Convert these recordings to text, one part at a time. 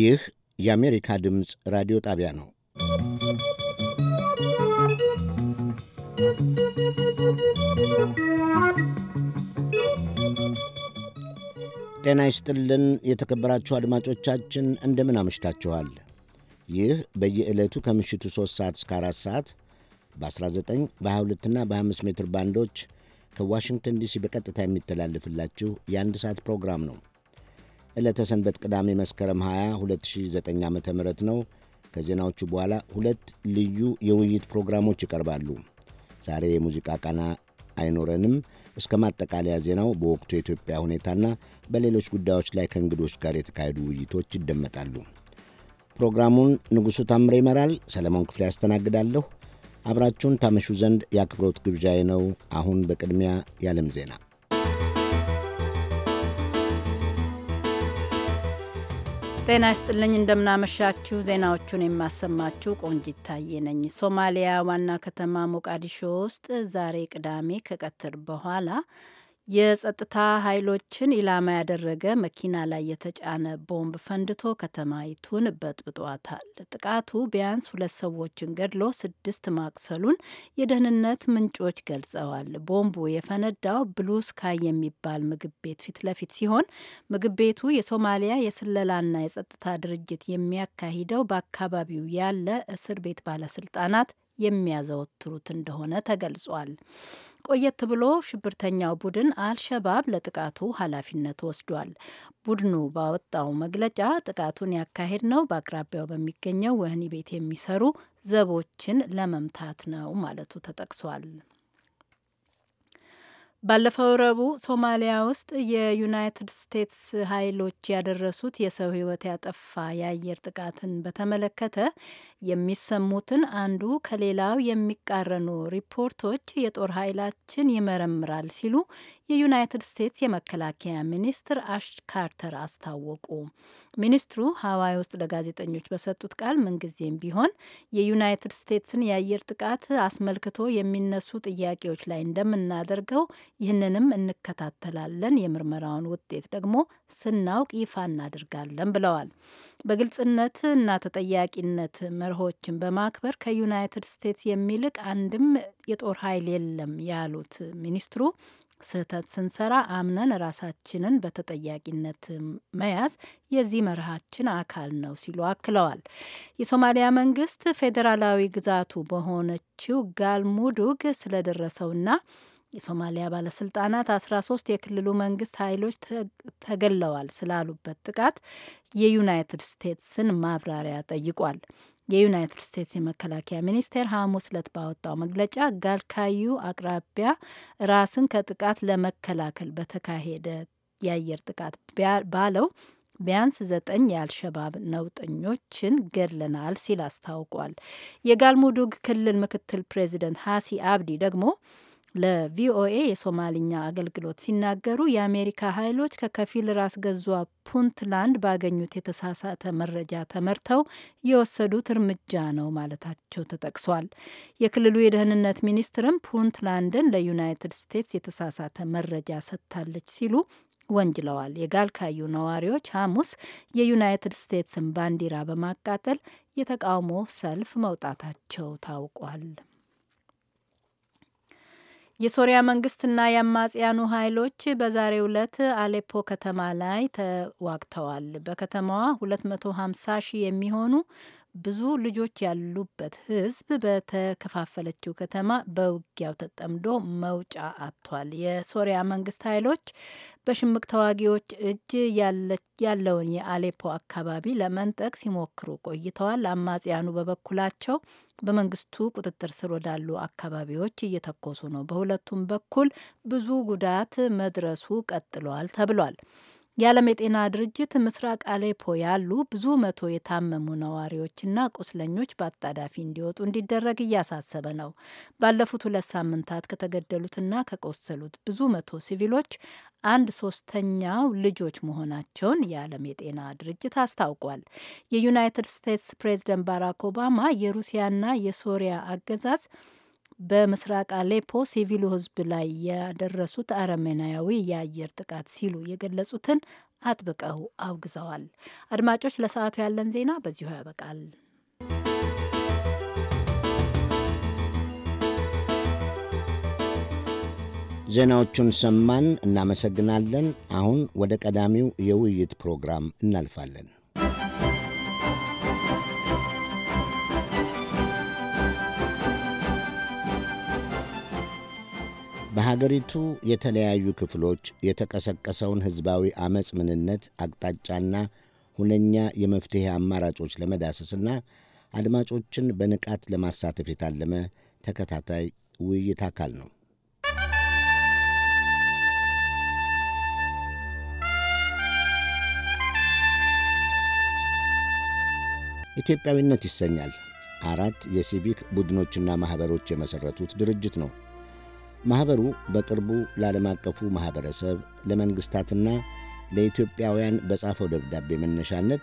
ይህ የአሜሪካ ድምፅ ራዲዮ ጣቢያ ነው። ጤና ይስጥልን የተከበራችሁ አድማጮቻችን እንደምን አመሽታችኋል? ይህ በየዕለቱ ከምሽቱ 3 ሰዓት እስከ 4 ሰዓት በ19 በ22ና በ25 ሜትር ባንዶች ከዋሽንግተን ዲሲ በቀጥታ የሚተላለፍላችሁ የአንድ ሰዓት ፕሮግራም ነው። ዕለተ ሰንበት ቅዳሜ መስከረም 20 2009 ዓ ም ነው። ከዜናዎቹ በኋላ ሁለት ልዩ የውይይት ፕሮግራሞች ይቀርባሉ። ዛሬ የሙዚቃ ቃና አይኖረንም። እስከ ማጠቃለያ ዜናው በወቅቱ የኢትዮጵያ ሁኔታና በሌሎች ጉዳዮች ላይ ከእንግዶች ጋር የተካሄዱ ውይይቶች ይደመጣሉ። ፕሮግራሙን ንጉሡ ታምረ ይመራል። ሰለሞን ክፍሌ ያስተናግዳለሁ። አብራችሁን ታመሹ ዘንድ የአክብሮት ግብዣዬ ነው። አሁን በቅድሚያ የዓለም ዜና ጤና ይስጥልኝ እንደምናመሻችሁ። ዜናዎቹን የማሰማችሁ ቆንጂት ታዬ ነኝ። ሶማሊያ ዋና ከተማ ሞቃዲሾ ውስጥ ዛሬ ቅዳሜ ከቀትር በኋላ የጸጥታ ኃይሎችን ኢላማ ያደረገ መኪና ላይ የተጫነ ቦምብ ፈንድቶ ከተማይቱን በጥብጧታል። ጥቃቱ ቢያንስ ሁለት ሰዎችን ገድሎ ስድስት ማቅሰሉን የደህንነት ምንጮች ገልጸዋል። ቦምቡ የፈነዳው ብሉ ስካይ የሚባል ምግብ ቤት ፊት ለፊት ሲሆን ምግብ ቤቱ የሶማሊያ የስለላና የጸጥታ ድርጅት የሚያካሂደው በአካባቢው ያለ እስር ቤት ባለስልጣናት የሚያዘወትሩት እንደሆነ ተገልጿል። ቆየት ብሎ ሽብርተኛው ቡድን አልሸባብ ለጥቃቱ ኃላፊነት ወስዷል። ቡድኑ ባወጣው መግለጫ ጥቃቱን ያካሄድ ነው በአቅራቢያው በሚገኘው ወህኒ ቤት የሚሰሩ ዘቦችን ለመምታት ነው ማለቱ ተጠቅሷል። ባለፈው ረቡዕ ሶማሊያ ውስጥ የዩናይትድ ስቴትስ ኃይሎች ያደረሱት የሰው ሕይወት ያጠፋ የአየር ጥቃትን በተመለከተ የሚሰሙትን አንዱ ከሌላው የሚቃረኑ ሪፖርቶች የጦር ኃይላችን ይመረምራል ሲሉ የዩናይትድ ስቴትስ የመከላከያ ሚኒስትር አሽ ካርተር አስታወቁ። ሚኒስትሩ ሀዋይ ውስጥ ለጋዜጠኞች በሰጡት ቃል ምንጊዜም ቢሆን የዩናይትድ ስቴትስን የአየር ጥቃት አስመልክቶ የሚነሱ ጥያቄዎች ላይ እንደምናደርገው ይህንንም እንከታተላለን፣ የምርመራውን ውጤት ደግሞ ስናውቅ ይፋ እናደርጋለን ብለዋል። በግልጽነት እና ተጠያቂነት መርሆችን በማክበር ከዩናይትድ ስቴትስ የሚልቅ አንድም የጦር ኃይል የለም ያሉት ሚኒስትሩ ስህተት ስንሰራ አምነን ራሳችንን በተጠያቂነት መያዝ የዚህ መርሃችን አካል ነው ሲሉ አክለዋል። የሶማሊያ መንግስት ፌዴራላዊ ግዛቱ በሆነችው ጋልሙዱግ ስለደረሰውና የሶማሊያ ባለስልጣናት አስራ ሶስት የክልሉ መንግስት ኃይሎች ተገለዋል ስላሉበት ጥቃት የዩናይትድ ስቴትስን ማብራሪያ ጠይቋል። የዩናይትድ ስቴትስ የመከላከያ ሚኒስቴር ሐሙስ ዕለት ባወጣው መግለጫ ጋልካዩ አቅራቢያ ራስን ከጥቃት ለመከላከል በተካሄደ የአየር ጥቃት ባለው ቢያንስ ዘጠኝ የአልሸባብ ነውጠኞችን ገድለናል ሲል አስታውቋል። የጋልሙዱግ ክልል ምክትል ፕሬዚደንት ሀሲ አብዲ ደግሞ ለቪኦኤ የሶማልኛ አገልግሎት ሲናገሩ የአሜሪካ ኃይሎች ከከፊል ራስ ገዟ ፑንትላንድ ባገኙት የተሳሳተ መረጃ ተመርተው የወሰዱት እርምጃ ነው ማለታቸው ተጠቅሷል። የክልሉ የደህንነት ሚኒስትርም ፑንትላንድን ለዩናይትድ ስቴትስ የተሳሳተ መረጃ ሰጥታለች ሲሉ ወንጅለዋል። የጋልካዩ ነዋሪዎች ሐሙስ የዩናይትድ ስቴትስን ባንዲራ በማቃጠል የተቃውሞ ሰልፍ መውጣታቸው ታውቋል። የሶሪያ መንግስትና የአማጽያኑ ኃይሎች በዛሬው ዕለት አሌፖ ከተማ ላይ ተዋግተዋል። በከተማዋ 250 ሺህ የሚሆኑ ብዙ ልጆች ያሉበት ህዝብ በተከፋፈለችው ከተማ በውጊያው ተጠምዶ መውጫ አጥቷል። የሶሪያ መንግስት ኃይሎች በሽምቅ ተዋጊዎች እጅ ያለውን የአሌፖ አካባቢ ለመንጠቅ ሲሞክሩ ቆይተዋል። አማጽያኑ በበኩላቸው በመንግስቱ ቁጥጥር ስር ወዳሉ አካባቢዎች እየተኮሱ ነው። በሁለቱም በኩል ብዙ ጉዳት መድረሱ ቀጥሏል ተብሏል። የዓለም የጤና ድርጅት ምስራቅ አሌፖ ያሉ ብዙ መቶ የታመሙ ነዋሪዎችና ቁስለኞች በአጣዳፊ እንዲወጡ እንዲደረግ እያሳሰበ ነው። ባለፉት ሁለት ሳምንታት ከተገደሉትና ከቆሰሉት ብዙ መቶ ሲቪሎች አንድ ሶስተኛው ልጆች መሆናቸውን የዓለም የጤና ድርጅት አስታውቋል። የዩናይትድ ስቴትስ ፕሬዝደንት ባራክ ኦባማ የሩሲያና የሶሪያ አገዛዝ በምስራቅ አሌፖ ሲቪሉ ህዝብ ላይ ያደረሱት አረመናያዊ የአየር ጥቃት ሲሉ የገለጹትን አጥብቀው አውግዘዋል። አድማጮች፣ ለሰዓቱ ያለን ዜና በዚሁ ያበቃል። ዜናዎቹን ሰማን፣ እናመሰግናለን። አሁን ወደ ቀዳሚው የውይይት ፕሮግራም እናልፋለን። በሀገሪቱ የተለያዩ ክፍሎች የተቀሰቀሰውን ሕዝባዊ ዐመፅ ምንነት፣ አቅጣጫና ሁነኛ የመፍትሔ አማራጮች ለመዳሰስና አድማጮችን በንቃት ለማሳተፍ የታለመ ተከታታይ ውይይት አካል ነው። ኢትዮጵያዊነት ይሰኛል። አራት የሲቪክ ቡድኖችና ማኅበሮች የመሠረቱት ድርጅት ነው። ማኅበሩ በቅርቡ ለዓለም አቀፉ ማኅበረሰብ ለመንግሥታትና ለኢትዮጵያውያን በጻፈው ደብዳቤ መነሻነት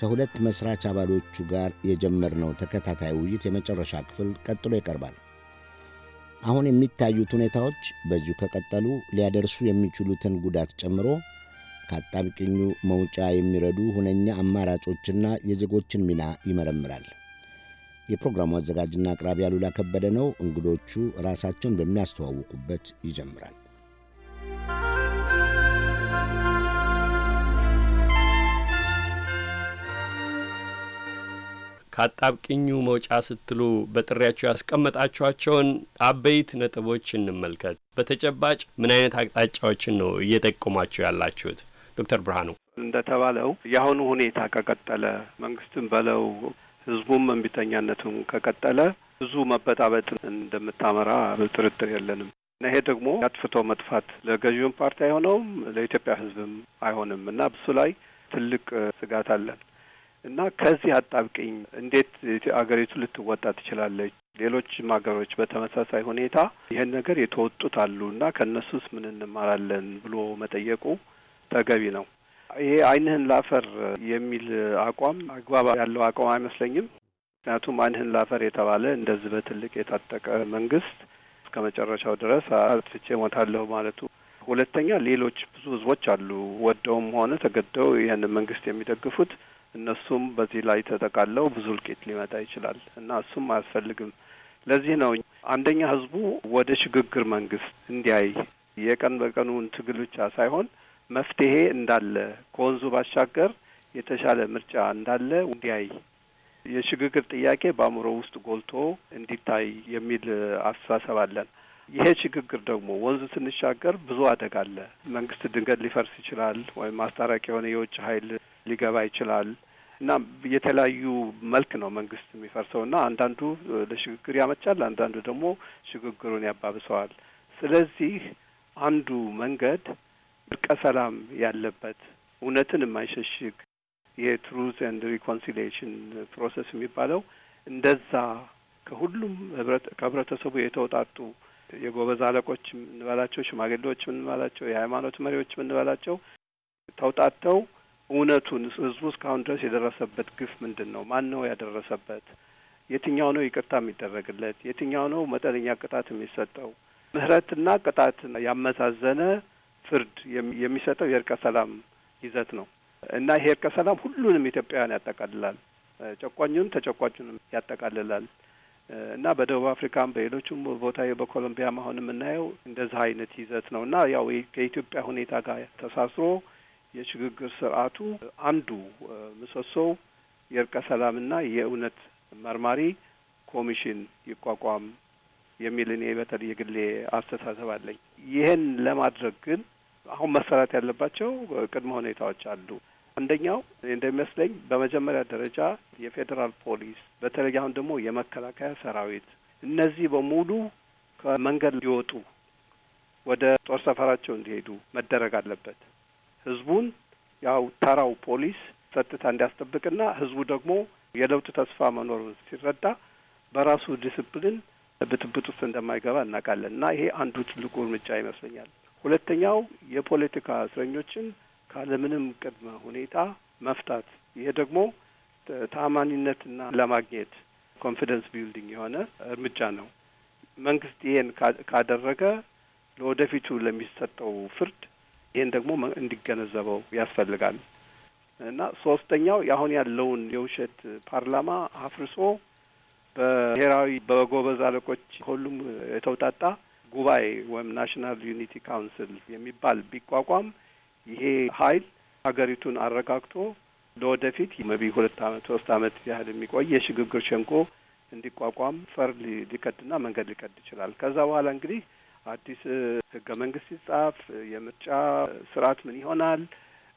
ከሁለት መሥራች አባሎቹ ጋር የጀመርነው ተከታታይ ውይይት የመጨረሻ ክፍል ቀጥሎ ይቀርባል። አሁን የሚታዩት ሁኔታዎች በዚሁ ከቀጠሉ ሊያደርሱ የሚችሉትን ጉዳት ጨምሮ ከአጣብቅኙ መውጫ የሚረዱ ሁነኛ አማራጮችና የዜጎችን ሚና ይመረምራል። የፕሮግራሙ አዘጋጅና አቅራቢ አሉላ ከበደ ነው። እንግዶቹ ራሳቸውን በሚያስተዋውቁበት ይጀምራል። ከአጣብቅኙ መውጫ ስትሉ በጥሪያቸው ያስቀመጣችኋቸውን አበይት ነጥቦች እንመልከት። በተጨባጭ ምን አይነት አቅጣጫዎችን ነው እየጠቆማችሁ ያላችሁት? ዶክተር ብርሃኑ እንደተባለው የአሁኑ ሁኔታ ከቀጠለ መንግስትም በለው ህዝቡም እንቢተኛነቱን ከቀጠለ ብዙ መበጣበጥ እንደምታመራ ጥርጥር የለንም። ይሄ ደግሞ አጥፍቶ መጥፋት ለገዢውን ፓርቲ አይሆነውም፣ ለኢትዮጵያ ህዝብም አይሆንም እና እሱ ላይ ትልቅ ስጋት አለን እና ከዚህ አጣብቅኝ እንዴት አገሪቱ ልትወጣ ትችላለች? ሌሎችም ሀገሮች በተመሳሳይ ሁኔታ ይህን ነገር የተወጡት አሉ እና ከእነሱስ ምን እንማራለን ብሎ መጠየቁ ተገቢ ነው። ይሄ አይንህን ላፈር የሚል አቋም አግባብ ያለው አቋም አይመስለኝም። ምክንያቱም አይንህን ላፈር የተባለ እንደዚህ በትልቅ የታጠቀ መንግስት እስከ መጨረሻው ድረስ አጥፍቼ ሞታለሁ ማለቱ ሁለተኛ ሌሎች ብዙ ህዝቦች አሉ ወደውም ሆነ ተገደው ይህን መንግስት የሚደግፉት እነሱም በዚህ ላይ ተጠቃለው ብዙ እልቂት ሊመጣ ይችላል እና እሱም አያስፈልግም። ለዚህ ነው አንደኛ ህዝቡ ወደ ሽግግር መንግስት እንዲያይ የቀን በቀኑን ትግል ብቻ ሳይሆን መፍትሄ እንዳለ ከወንዙ ባሻገር የተሻለ ምርጫ እንዳለ እንዲያይ የሽግግር ጥያቄ በአእምሮ ውስጥ ጎልቶ እንዲታይ የሚል አስተሳሰብ አለን። ይሄ ሽግግር ደግሞ ወንዝ ስንሻገር ብዙ አደጋ አለ። መንግስት ድንገት ሊፈርስ ይችላል፣ ወይም ማስታረቂያ የሆነ የውጭ ኃይል ሊገባ ይችላል እና የተለያዩ መልክ ነው መንግስት የሚፈርሰው እና አንዳንዱ ለሽግግር ያመቻል፣ አንዳንዱ ደግሞ ሽግግሩን ያባብሰዋል። ስለዚህ አንዱ መንገድ እርቀ ሰላም ያለበት እውነትን የማይሸሽግ የትሩዝ ኤንድ ሪኮንሲሊዬሽን ፕሮሰስ የሚባለው እንደዛ ከሁሉም ከህብረተሰቡ የተውጣጡ የጎበዝ አለቆች የምንበላቸው፣ ሽማግሌዎች የምንበላቸው፣ የሃይማኖት መሪዎች የምንበላቸው ተውጣጥተው እውነቱን ህዝቡ እስካሁን ድረስ የደረሰበት ግፍ ምንድን ነው? ማን ነው ያደረሰበት? የትኛው ነው ይቅርታ የሚደረግለት? የትኛው ነው መጠነኛ ቅጣት የሚሰጠው? ምህረትና ቅጣት ያመዛዘነ ፍርድ የሚሰጠው የእርቀ ሰላም ይዘት ነው እና ይሄ እርቀ ሰላም ሁሉንም ኢትዮጵያውያን ያጠቃልላል። ጨቋኙንም ተጨቋቹንም ያጠቃልላል እና በደቡብ አፍሪካም በሌሎችም ቦታ በኮሎምቢያም አሁን የምናየው እንደዚህ አይነት ይዘት ነው እና ያው ከኢትዮጵያ ሁኔታ ጋር ተሳስሮ የሽግግር ስርዓቱ አንዱ ምሰሶው የእርቀ ሰላምና የእውነት መርማሪ ኮሚሽን ይቋቋም የሚል እኔ በተለይ የግሌ አስተሳሰብ አለኝ። ይህን ለማድረግ ግን አሁን መሰራት ያለባቸው ቅድመ ሁኔታዎች አሉ። አንደኛው እንደሚመስለኝ በመጀመሪያ ደረጃ የፌዴራል ፖሊስ በተለይ አሁን ደግሞ የመከላከያ ሰራዊት እነዚህ በሙሉ ከመንገድ ሊወጡ ወደ ጦር ሰፈራቸው እንዲሄዱ መደረግ አለበት። ህዝቡን ያው ተራው ፖሊስ ጸጥታ እንዲያስጠብቅና ህዝቡ ደግሞ የለውጥ ተስፋ መኖሩን ሲረዳ በራሱ ዲስፕሊን ብጥብጥ ውስጥ እንደማይገባ እናውቃለን እና ይሄ አንዱ ትልቁ እርምጃ ይመስለኛል። ሁለተኛው የፖለቲካ እስረኞችን ካለምንም ቅድመ ሁኔታ መፍታት። ይሄ ደግሞ ተአማኒነትና ለማግኘት ኮንፊደንስ ቢልዲንግ የሆነ እርምጃ ነው። መንግስት ይሄን ካደረገ ለወደፊቱ ለሚሰጠው ፍርድ ይሄን ደግሞ እንዲገነዘበው ያስፈልጋል እና ሶስተኛው አሁን ያለውን የውሸት ፓርላማ አፍርሶ በብሔራዊ በጎበዝ አለቆች ሁሉም የተውጣጣ ጉባኤ ወይም ናሽናል ዩኒቲ ካውንስል የሚባል ቢቋቋም ይሄ ኃይል ሀገሪቱን አረጋግቶ ለወደፊት መቢ ሁለት አመት ሶስት አመት ያህል የሚቆይ የሽግግር ሸንጎ እንዲቋቋም ፈር ሊቀድና መንገድ ሊቀድ ይችላል። ከዛ በኋላ እንግዲህ አዲስ ህገ መንግስት ሲጻፍ የምርጫ ስርዓት ምን ይሆናል፣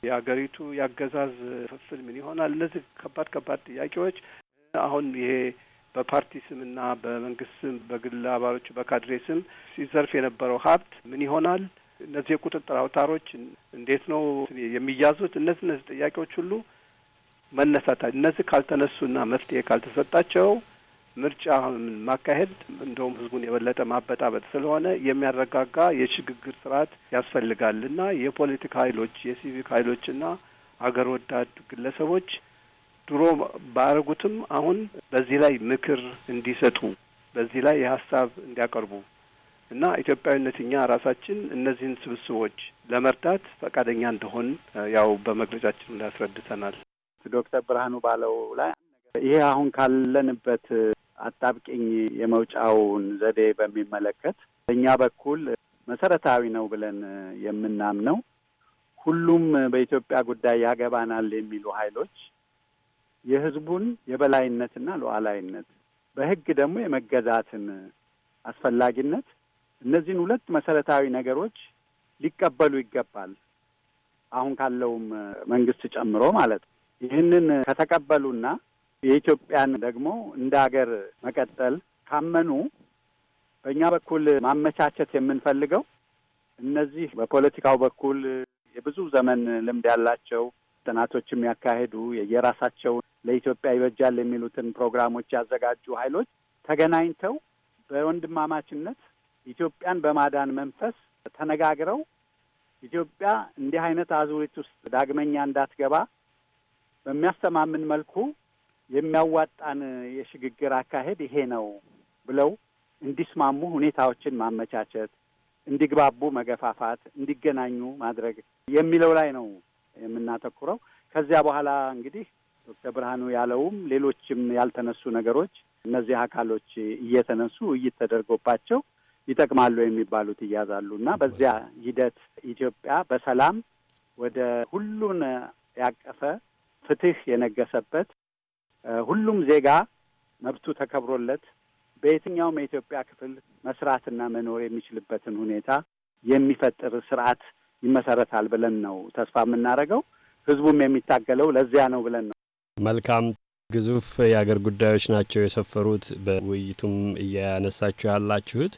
የሀገሪቱ የአገዛዝ ፍፍል ምን ይሆናል፣ እነዚህ ከባድ ከባድ ጥያቄዎች አሁን ይሄ በፓርቲ ስምና በመንግስት ስም በግል አባሎች በካድሬ ስም ሲዘርፍ የነበረው ሀብት ምን ይሆናል? እነዚህ የቁጥጥር አውታሮች እንዴት ነው የሚያዙት? እነዚህ እነዚህ ጥያቄዎች ሁሉ መነሳታ እነዚህ ካልተነሱና መፍትሄ ካልተሰጣቸው ምርጫ ማካሄድ እንደውም ህዝቡን የበለጠ ማበጣበጥ ስለሆነ የሚያረጋጋ የሽግግር ስርዓት ያስፈልጋል እና የፖለቲካ ኃይሎች የሲቪክ ኃይሎችና አገር ወዳድ ግለሰቦች ድሮ ባረጉትም አሁን በዚህ ላይ ምክር እንዲሰጡ በዚህ ላይ የሀሳብ እንዲያቀርቡ እና ኢትዮጵያዊነት እኛ ራሳችን እነዚህን ስብስቦች ለመርዳት ፈቃደኛ እንደሆን ያው በመግለጫችን ላይ አስረድተናል። ዶክተር ብርሃኑ ባለው ላይ ይሄ አሁን ካለንበት አጣብቂኝ የመውጫውን ዘዴ በሚመለከት በእኛ በኩል መሰረታዊ ነው ብለን የምናምነው ሁሉም በኢትዮጵያ ጉዳይ ያገባናል የሚሉ ኃይሎች የህዝቡን የበላይነትና ሉዓላዊነት በህግ ደግሞ የመገዛትን አስፈላጊነት እነዚህን ሁለት መሰረታዊ ነገሮች ሊቀበሉ ይገባል። አሁን ካለውም መንግስት ጨምሮ ማለት ነው። ይህንን ከተቀበሉና የኢትዮጵያን ደግሞ እንደ ሀገር መቀጠል ካመኑ በእኛ በኩል ማመቻቸት የምንፈልገው እነዚህ በፖለቲካው በኩል የብዙ ዘመን ልምድ ያላቸው ጥናቶች የሚያካሄዱ የየራሳቸው ለኢትዮጵያ ይበጃል የሚሉትን ፕሮግራሞች ያዘጋጁ ኃይሎች ተገናኝተው በወንድማማችነት ኢትዮጵያን በማዳን መንፈስ ተነጋግረው ኢትዮጵያ እንዲህ አይነት አዙሪት ውስጥ ዳግመኛ እንዳትገባ በሚያስተማምን መልኩ የሚያዋጣን የሽግግር አካሄድ ይሄ ነው ብለው እንዲስማሙ ሁኔታዎችን ማመቻቸት፣ እንዲግባቡ መገፋፋት፣ እንዲገናኙ ማድረግ የሚለው ላይ ነው የምናተኩረው። ከዚያ በኋላ እንግዲህ ዶክተር ብርሃኑ ያለውም ሌሎችም ያልተነሱ ነገሮች እነዚህ አካሎች እየተነሱ ውይይት ተደርጎባቸው ይጠቅማሉ የሚባሉት ይያዛሉ እና በዚያ ሂደት ኢትዮጵያ በሰላም ወደ ሁሉን ያቀፈ ፍትህ የነገሰበት ሁሉም ዜጋ መብቱ ተከብሮለት በየትኛውም የኢትዮጵያ ክፍል መስራትና መኖር የሚችልበትን ሁኔታ የሚፈጥር ስርዓት ይመሰረታል ብለን ነው ተስፋ የምናደርገው። ህዝቡም የሚታገለው ለዚያ ነው ብለን ነው። መልካም ግዙፍ የአገር ጉዳዮች ናቸው የሰፈሩት በውይይቱም እያነሳችሁ ያላችሁት።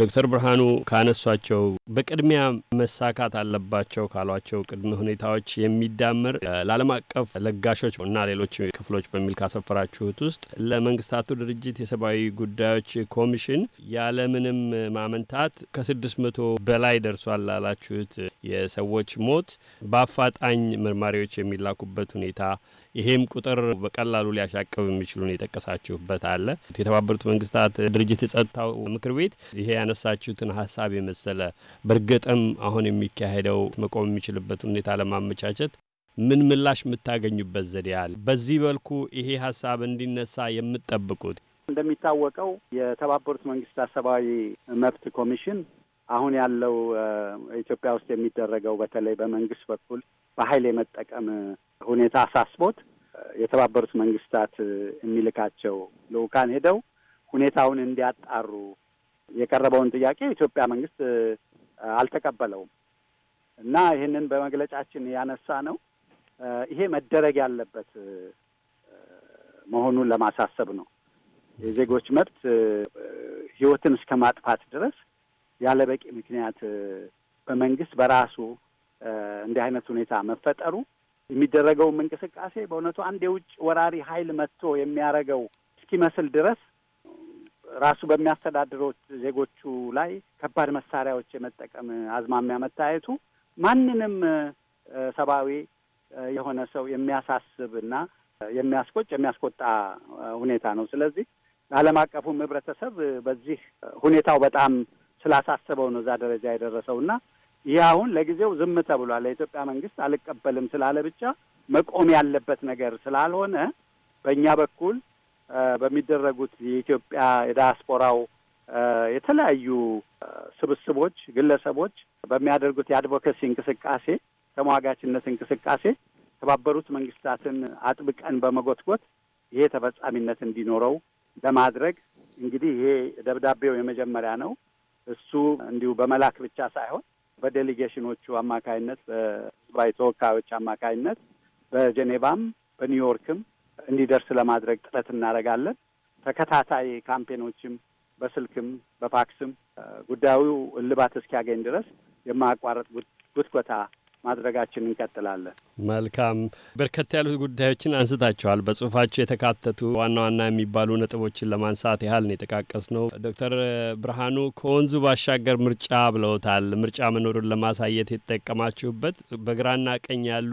ዶክተር ብርሃኑ ካነሷቸው በቅድሚያ መሳካት አለባቸው ካሏቸው ቅድመ ሁኔታዎች የሚዳምር ለዓለም አቀፍ ለጋሾች እና ሌሎች ክፍሎች በሚል ካሰፈራችሁት ውስጥ ለመንግስታቱ ድርጅት የሰብአዊ ጉዳዮች ኮሚሽን ያለምንም ማመንታት ከስድስት መቶ በላይ ደርሷል ላላችሁት የሰዎች ሞት በአፋጣኝ መርማሪዎች የሚላኩበት ሁኔታ ይሄም ቁጥር በቀላሉ ሊያሻቅብ የሚችሉን የጠቀሳችሁበት አለ። የተባበሩት መንግስታት ድርጅት የጸጥታው ምክር ቤት ይሄ ያነሳችሁትን ሀሳብ የመሰለ በእርግጥም አሁን የሚካሄደው መቆም የሚችልበት ሁኔታ ለማመቻቸት ምን ምላሽ የምታገኙበት ዘዴ አለ? በዚህ በልኩ ይሄ ሀሳብ እንዲነሳ የምትጠብቁት? እንደሚታወቀው የተባበሩት መንግስታት ሰብአዊ መብት ኮሚሽን አሁን ያለው ኢትዮጵያ ውስጥ የሚደረገው በተለይ በመንግስት በኩል በኃይል የመጠቀም ሁኔታ አሳስቦት የተባበሩት መንግስታት የሚልካቸው ልውካን ሄደው ሁኔታውን እንዲያጣሩ የቀረበውን ጥያቄ የኢትዮጵያ መንግስት አልተቀበለውም እና ይህንን በመግለጫችን ያነሳ ነው። ይሄ መደረግ ያለበት መሆኑን ለማሳሰብ ነው። የዜጎች መብት ህይወትን እስከ ማጥፋት ድረስ ያለ በቂ ምክንያት በመንግስት በራሱ እንዲህ አይነት ሁኔታ መፈጠሩ የሚደረገውም እንቅስቃሴ በእውነቱ አንድ የውጭ ወራሪ ኃይል መጥቶ የሚያደርገው እስኪመስል ድረስ ራሱ በሚያስተዳድሮት ዜጎቹ ላይ ከባድ መሳሪያዎች የመጠቀም አዝማሚያ መታየቱ ማንንም ሰብአዊ የሆነ ሰው የሚያሳስብ እና የሚያስቆጭ የሚያስቆጣ ሁኔታ ነው። ስለዚህ ዓለም አቀፉም ህብረተሰብ በዚህ ሁኔታው በጣም ስላሳሰበው ነው እዛ ደረጃ የደረሰው እና ይህ አሁን ለጊዜው ዝም ተብሏል። ለኢትዮጵያ መንግስት አልቀበልም ስላለ ብቻ መቆም ያለበት ነገር ስላልሆነ በእኛ በኩል በሚደረጉት የኢትዮጵያ የዳያስፖራው የተለያዩ ስብስቦች፣ ግለሰቦች በሚያደርጉት የአድቮኬሲ እንቅስቃሴ፣ ተሟጋችነት እንቅስቃሴ የተባበሩት መንግስታትን አጥብቀን በመጎትጎት ይሄ ተፈጻሚነት እንዲኖረው ለማድረግ እንግዲህ ይሄ ደብዳቤው የመጀመሪያ ነው። እሱ እንዲሁ በመላክ ብቻ ሳይሆን በዴሊጌሽኖቹ አማካይነት በጉባኤ ተወካዮች አማካይነት በጀኔቫም በኒውዮርክም እንዲደርስ ለማድረግ ጥረት እናደርጋለን። ተከታታይ ካምፔኖችም በስልክም በፋክስም ጉዳዩ እልባት እስኪያገኝ ድረስ የማያቋረጥ ጉትጎታ ማድረጋችን እንቀጥላለን። መልካም። በርከት ያሉ ጉዳዮችን አንስታችኋል። በጽሁፋቸው የተካተቱ ዋና ዋና የሚባሉ ነጥቦችን ለማንሳት ያህል ነው የጠቃቀስ ነው። ዶክተር ብርሃኑ ከወንዙ ባሻገር ምርጫ ብለውታል። ምርጫ መኖሩን ለማሳየት የተጠቀማችሁበት በግራና ቀኝ ያሉ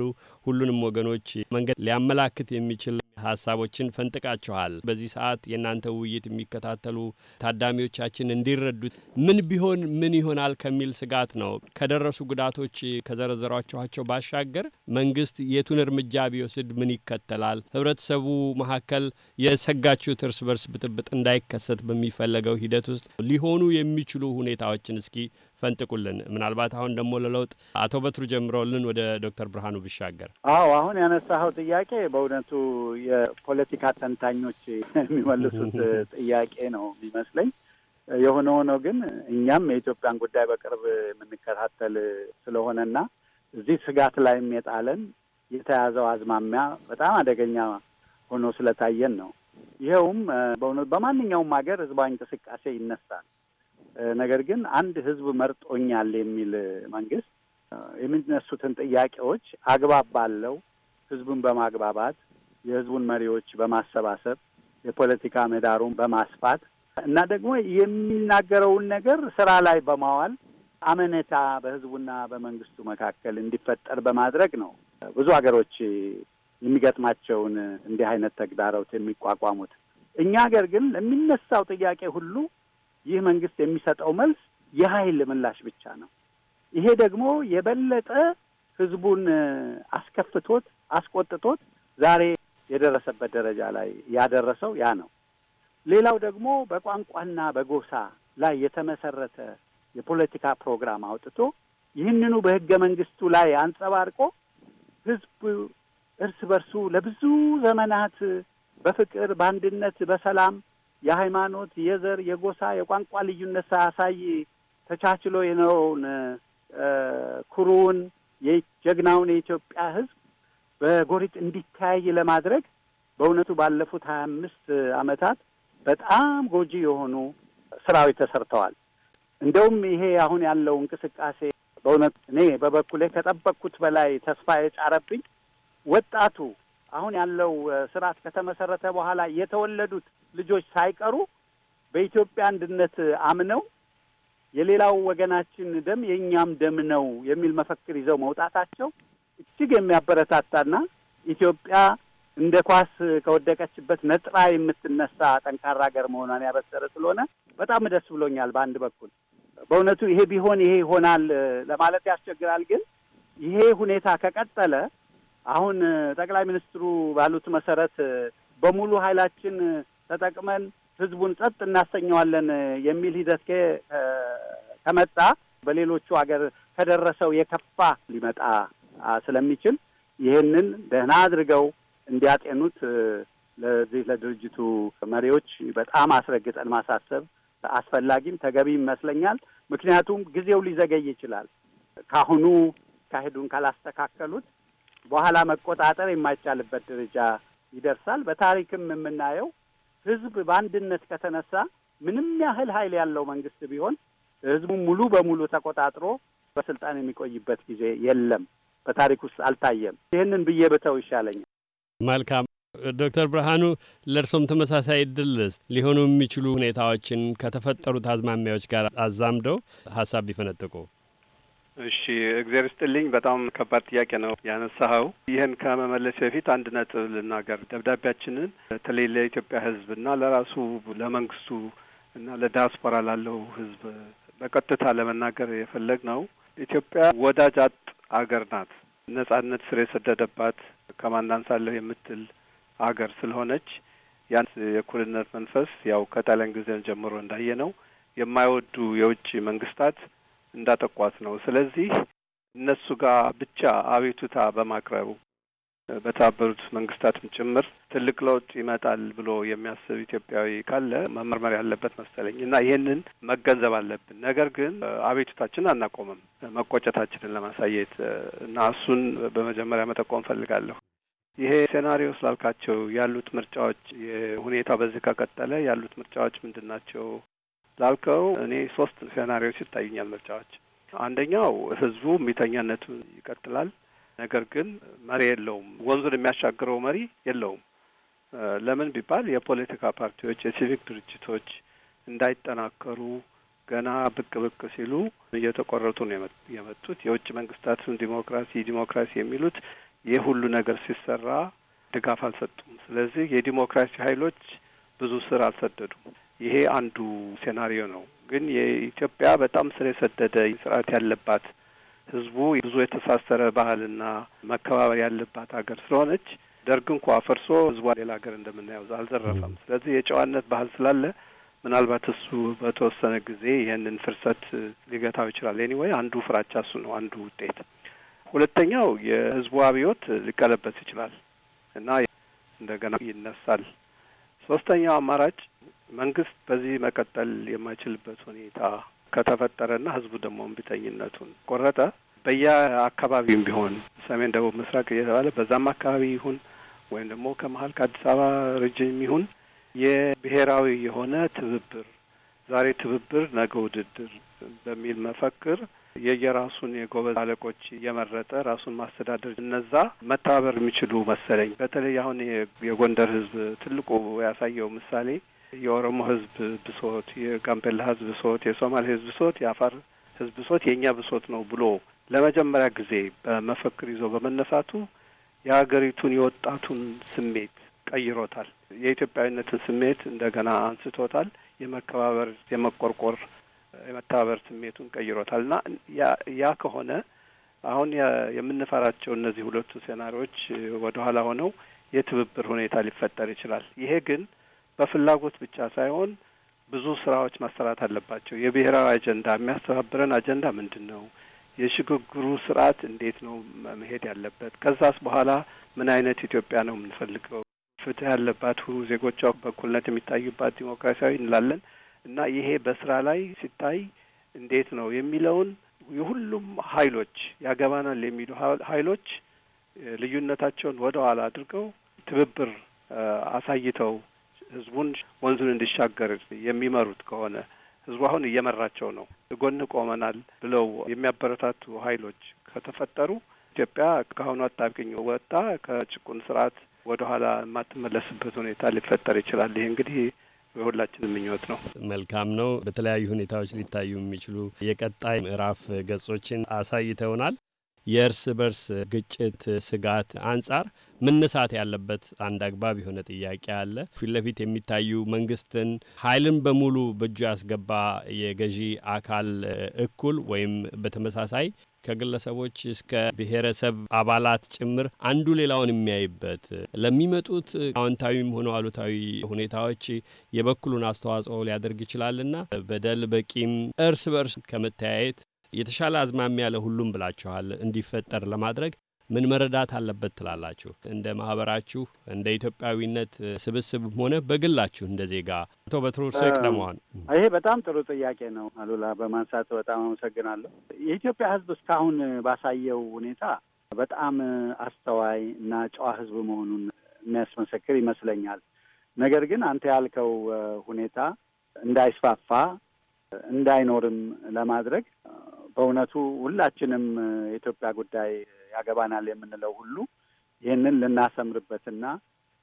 ሁሉንም ወገኖች መንገድ ሊያመላክት የሚችል ሀሳቦችን ፈንጥቃችኋል። በዚህ ሰዓት የእናንተ ውይይት የሚከታተሉ ታዳሚዎቻችን እንዲረዱት ምን ቢሆን ምን ይሆናል ከሚል ስጋት ነው። ከደረሱ ጉዳቶች ከዘረዘሯችኋቸው ባሻገር መንግስት የቱን እርምጃ ቢወስድ ምን ይከተላል? ህብረተሰቡ መካከል የሰጋችሁት እርስ በርስ ብጥብጥ እንዳይከሰት በሚፈለገው ሂደት ውስጥ ሊሆኑ የሚችሉ ሁኔታዎችን እስኪ ፈንጥቁልን። ምናልባት አሁን ደግሞ ለለውጥ አቶ በትሩ ጀምረውልን ወደ ዶክተር ብርሃኑ ብሻገር። አዎ አሁን ያነሳኸው ጥያቄ በእውነቱ የፖለቲካ ተንታኞች የሚመልሱት ጥያቄ ነው የሚመስለኝ። የሆነ ሆኖ ግን እኛም የኢትዮጵያን ጉዳይ በቅርብ የምንከታተል ስለሆነና እዚህ ስጋት ላይም የጣለን የተያዘው አዝማሚያ በጣም አደገኛ ሆኖ ስለታየን ነው። ይኸውም በእውነት በማንኛውም ሀገር ህዝባዊ እንቅስቃሴ ይነሳል። ነገር ግን አንድ ህዝብ መርጦኛል የሚል መንግስት የሚነሱትን ጥያቄዎች አግባብ ባለው ህዝቡን በማግባባት የህዝቡን መሪዎች በማሰባሰብ የፖለቲካ ምህዳሩን በማስፋት እና ደግሞ የሚናገረውን ነገር ስራ ላይ በማዋል አመኔታ በህዝቡና በመንግስቱ መካከል እንዲፈጠር በማድረግ ነው። ብዙ ሀገሮች የሚገጥማቸውን እንዲህ አይነት ተግዳሮት የሚቋቋሙት። እኛ ሀገር ግን ለሚነሳው ጥያቄ ሁሉ ይህ መንግስት የሚሰጠው መልስ የኃይል ምላሽ ብቻ ነው። ይሄ ደግሞ የበለጠ ህዝቡን አስከፍቶት አስቆጥቶት ዛሬ የደረሰበት ደረጃ ላይ ያደረሰው ያ ነው። ሌላው ደግሞ በቋንቋና በጎሳ ላይ የተመሰረተ የፖለቲካ ፕሮግራም አውጥቶ ይህንኑ በህገ መንግስቱ ላይ አንጸባርቆ ህዝብ እርስ በርሱ ለብዙ ዘመናት በፍቅር፣ በአንድነት፣ በሰላም የሃይማኖት፣ የዘር፣ የጎሳ፣ የቋንቋ ልዩነት ሳያሳይ ተቻችሎ የኖረውን ኩሩውን የጀግናውን የኢትዮጵያ ሕዝብ በጎሪጥ እንዲታያይ ለማድረግ በእውነቱ ባለፉት ሀያ አምስት ዓመታት በጣም ጎጂ የሆኑ ስራዎች ተሰርተዋል። እንደውም ይሄ አሁን ያለው እንቅስቃሴ በእውነት እኔ በበኩሌ ከጠበቅኩት በላይ ተስፋ የጫረብኝ ወጣቱ አሁን ያለው ስርዓት ከተመሰረተ በኋላ የተወለዱት ልጆች ሳይቀሩ በኢትዮጵያ አንድነት አምነው የሌላው ወገናችን ደም የእኛም ደም ነው የሚል መፈክር ይዘው መውጣታቸው እጅግ የሚያበረታታና ኢትዮጵያ እንደ ኳስ ከወደቀችበት ነጥራ የምትነሳ ጠንካራ ሀገር መሆኗን ያበሰረ ስለሆነ በጣም ደስ ብሎኛል። በአንድ በኩል በእውነቱ ይሄ ቢሆን ይሄ ይሆናል ለማለት ያስቸግራል። ግን ይሄ ሁኔታ ከቀጠለ አሁን ጠቅላይ ሚኒስትሩ ባሉት መሰረት በሙሉ ኃይላችን ተጠቅመን ህዝቡን ጸጥ እናሰኘዋለን የሚል ሂደት ከመጣ በሌሎቹ ሀገር ከደረሰው የከፋ ሊመጣ ስለሚችል ይህንን ደህና አድርገው እንዲያጤኑት ለዚህ ለድርጅቱ መሪዎች በጣም አስረግጠን ማሳሰብ አስፈላጊም ተገቢ ይመስለኛል። ምክንያቱም ጊዜው ሊዘገይ ይችላል። ካሁኑ ካሄዱን ካላስተካከሉት በኋላ መቆጣጠር የማይቻልበት ደረጃ ይደርሳል። በታሪክም የምናየው ህዝብ በአንድነት ከተነሳ ምንም ያህል ኃይል ያለው መንግስት ቢሆን ህዝቡ ሙሉ በሙሉ ተቆጣጥሮ በስልጣን የሚቆይበት ጊዜ የለም። በታሪክ ውስጥ አልታየም። ይህንን ብዬ ብተው ይሻለኛል። መልካም ዶክተር ብርሃኑ ለእርሶም ተመሳሳይ ድልስ ሊሆኑ የሚችሉ ሁኔታዎችን ከተፈጠሩት አዝማሚያዎች ጋር አዛምደው ሀሳብ ቢፈነጥቁ። እሺ እግዚአብሔር ስጥልኝ። በጣም ከባድ ጥያቄ ነው ያነሳኸው። ይህን ከመመለስ በፊት አንድ ነጥብ ልናገር። ደብዳቤያችንን በተለይ ለኢትዮጵያ ሕዝብና ለራሱ ለመንግስቱ እና ለዲያስፖራ ላለው ሕዝብ በቀጥታ ለመናገር የፈለግ ነው። ኢትዮጵያ ወዳጅ አጥ አገር ናት። ነጻነት ስር የሰደደባት ከማን የምትል አገር ስለሆነች ያን የእኩልነት መንፈስ ያው ከጣሊያን ጊዜን ጀምሮ እንዳየ ነው የማይወዱ የውጭ መንግስታት እንዳጠቋት ነው። ስለዚህ እነሱ ጋር ብቻ አቤቱታ በማቅረቡ በተባበሩት መንግስታትም ጭምር ትልቅ ለውጥ ይመጣል ብሎ የሚያስብ ኢትዮጵያዊ ካለ መመርመር ያለበት መሰለኝ እና ይህንን መገንዘብ አለብን። ነገር ግን አቤቱታችንን አናቆምም መቆጨታችንን ለማሳየት እና እሱን በመጀመሪያ መጠቆም እፈልጋለሁ። ይሄ ሴናሪዮ ስላልካቸው ያሉት ምርጫዎች የሁኔታ በዚህ ከቀጠለ ያሉት ምርጫዎች ምንድን ናቸው? ላልከው እኔ ሶስት ሴናሪዎች ይታዩኛል ምርጫዎች። አንደኛው ህዝቡ ሚተኛነቱ ይቀጥላል፣ ነገር ግን መሪ የለውም። ወንዙን የሚያሻግረው መሪ የለውም። ለምን ቢባል የፖለቲካ ፓርቲዎች፣ የሲቪክ ድርጅቶች እንዳይጠናከሩ ገና ብቅ ብቅ ሲሉ እየተቆረጡ ነው የመጡት። የውጭ መንግስታትን ዲሞክራሲ ዲሞክራሲ የሚሉት ይህ ሁሉ ነገር ሲሰራ ድጋፍ አልሰጡም። ስለዚህ የዲሞክራሲ ኃይሎች ብዙ ስር አልሰደዱም። ይሄ አንዱ ሴናሪዮ ነው። ግን የኢትዮጵያ በጣም ስር የሰደደ ስርዓት ያለባት ህዝቡ ብዙ የተሳሰረ ባህልና መከባበር ያለባት ሀገር ስለሆነች ደርግ እንኳ ፈርሶ ህዝቧ ሌላ ሀገር እንደምናየው አልዘረፈም። ስለዚህ የጨዋነት ባህል ስላለ ምናልባት እሱ በተወሰነ ጊዜ ይህንን ፍርሰት ሊገታው ይችላል። ኤኒዌይ አንዱ ፍራቻ እሱ ነው፣ አንዱ ውጤት። ሁለተኛው የህዝቡ አብዮት ሊቀለበስ ይችላል እና እንደገና ይነሳል። ሶስተኛው አማራጭ መንግስት በዚህ መቀጠል የማይችልበት ሁኔታ ከተፈጠረና ህዝቡ ደግሞ እምቢተኝነቱን ቆረጠ በየአካባቢውም ቢሆን ሰሜን፣ ደቡብ፣ ምስራቅ እየተባለ በዛም አካባቢ ይሁን ወይም ደግሞ ከመሀል ከአዲስ አበባ ርጅም ይሁን የብሔራዊ የሆነ ትብብር ዛሬ ትብብር ነገ ውድድር በሚል መፈክር የየራሱን የጎበዝ አለቆች እየመረጠ ራሱን ማስተዳደር እነዛ መተባበር የሚችሉ መሰለኝ። በተለይ አሁን የጎንደር ህዝብ ትልቁ ያሳየው ምሳሌ የኦሮሞ ህዝብ ብሶት፣ የጋምቤላ ህዝብ ብሶት፣ የሶማሌ ህዝብ ብሶት፣ የአፋር ህዝብ ብሶት የእኛ ብሶት ነው ብሎ ለመጀመሪያ ጊዜ በመፈክር ይዞ በመነሳቱ የሀገሪቱን የወጣቱን ስሜት ቀይሮታል። የኢትዮጵያዊነትን ስሜት እንደገና አንስቶታል። የመከባበር፣ የመቆርቆር፣ የመተባበር ስሜቱን ቀይሮታል እና ያ ከሆነ አሁን የምንፈራቸው እነዚህ ሁለቱ ሴናሪዎች ወደኋላ ሆነው የትብብር ሁኔታ ሊፈጠር ይችላል። ይሄ ግን በፍላጎት ብቻ ሳይሆን ብዙ ስራዎች ማሰራት አለባቸው። የብሔራዊ አጀንዳ የሚያስተባብረን አጀንዳ ምንድን ነው? የሽግግሩ ስርዓት እንዴት ነው መሄድ ያለበት? ከዛስ በኋላ ምን አይነት ኢትዮጵያ ነው የምንፈልገው? ፍትህ ያለባት ዜጎቿ በእኩልነት የሚታዩባት ዲሞክራሲያዊ እንላለን እና ይሄ በስራ ላይ ሲታይ እንዴት ነው የሚለውን የሁሉም ኃይሎች ያገባናል የሚሉ ኃይሎች ልዩነታቸውን ወደ ኋላ አድርገው ትብብር አሳይተው ህዝቡን ወንዙን እንዲሻገር የሚመሩት ከሆነ ህዝቡ አሁን እየመራቸው ነው፣ ጎን ቆመናል ብለው የሚያበረታቱ ኃይሎች ከተፈጠሩ ኢትዮጵያ ከአሁኑ አጣብቂኝ ወጣ ከጭቁን ስርዓት ወደ ኋላ የማትመለስበት ሁኔታ ሊፈጠር ይችላል። ይሄ እንግዲህ የሁላችንም ምኞት ነው። መልካም ነው። በተለያዩ ሁኔታዎች ሊታዩ የሚችሉ የቀጣይ ምዕራፍ ገጾችን አሳይተውናል። የእርስ በርስ ግጭት ስጋት አንጻር መነሳት ያለበት አንድ አግባብ የሆነ ጥያቄ አለ። ፊት ለፊት የሚታዩ መንግስትን ኃይልን በሙሉ በእጁ ያስገባ የገዢ አካል እኩል ወይም በተመሳሳይ ከግለሰቦች እስከ ብሔረሰብ አባላት ጭምር አንዱ ሌላውን የሚያይበት ለሚመጡት አዎንታዊም ሆነ አሉታዊ ሁኔታዎች የበኩሉን አስተዋጽኦ ሊያደርግ ይችላልና በደል በቂም እርስ በርስ ከመተያየት የተሻለ አዝማሚ ያለ ሁሉም ብላችኋል እንዲፈጠር ለማድረግ ምን መረዳት አለበት ትላላችሁ? እንደ ማህበራችሁ እንደ ኢትዮጵያዊነት ስብስብም ሆነ በግላችሁ እንደ ዜጋ አቶ በትሩ እርሶ ይሄ በጣም ጥሩ ጥያቄ ነው አሉላ፣ በማንሳት በጣም አመሰግናለሁ። የኢትዮጵያ ሕዝብ እስካሁን ባሳየው ሁኔታ በጣም አስተዋይ እና ጨዋ ሕዝብ መሆኑን የሚያስመሰክር ይመስለኛል። ነገር ግን አንተ ያልከው ሁኔታ እንዳይስፋፋ እንዳይኖርም ለማድረግ በእውነቱ ሁላችንም የኢትዮጵያ ጉዳይ ያገባናል የምንለው ሁሉ ይህንን ልናሰምርበትና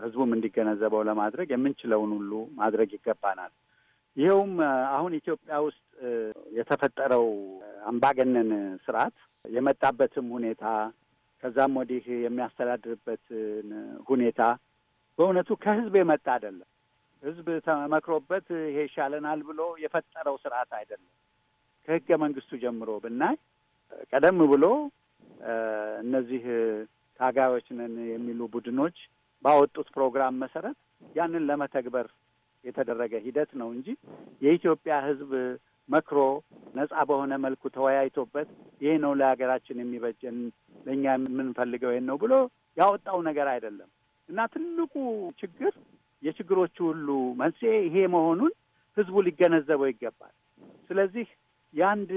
ህዝቡም እንዲገነዘበው ለማድረግ የምንችለውን ሁሉ ማድረግ ይገባናል። ይኸውም አሁን ኢትዮጵያ ውስጥ የተፈጠረው አምባገነን ስርዓት የመጣበትም ሁኔታ ከዛም ወዲህ የሚያስተዳድርበትን ሁኔታ በእውነቱ ከህዝብ የመጣ አይደለም። ህዝብ ተመክሮበት ይሄ ይሻለናል ብሎ የፈጠረው ስርዓት አይደለም። ከህገ መንግስቱ ጀምሮ ብናይ ቀደም ብሎ እነዚህ ታጋዮች ነን የሚሉ ቡድኖች ባወጡት ፕሮግራም መሰረት ያንን ለመተግበር የተደረገ ሂደት ነው እንጂ የኢትዮጵያ ህዝብ መክሮ ነጻ በሆነ መልኩ ተወያይቶበት ይሄ ነው ለሀገራችን የሚበጀን ለእኛ የምንፈልገው ይሄን ነው ብሎ ያወጣው ነገር አይደለም እና ትልቁ ችግር የችግሮቹ ሁሉ መንስኤ ይሄ መሆኑን ህዝቡ ሊገነዘበው ይገባል። ስለዚህ የአንድ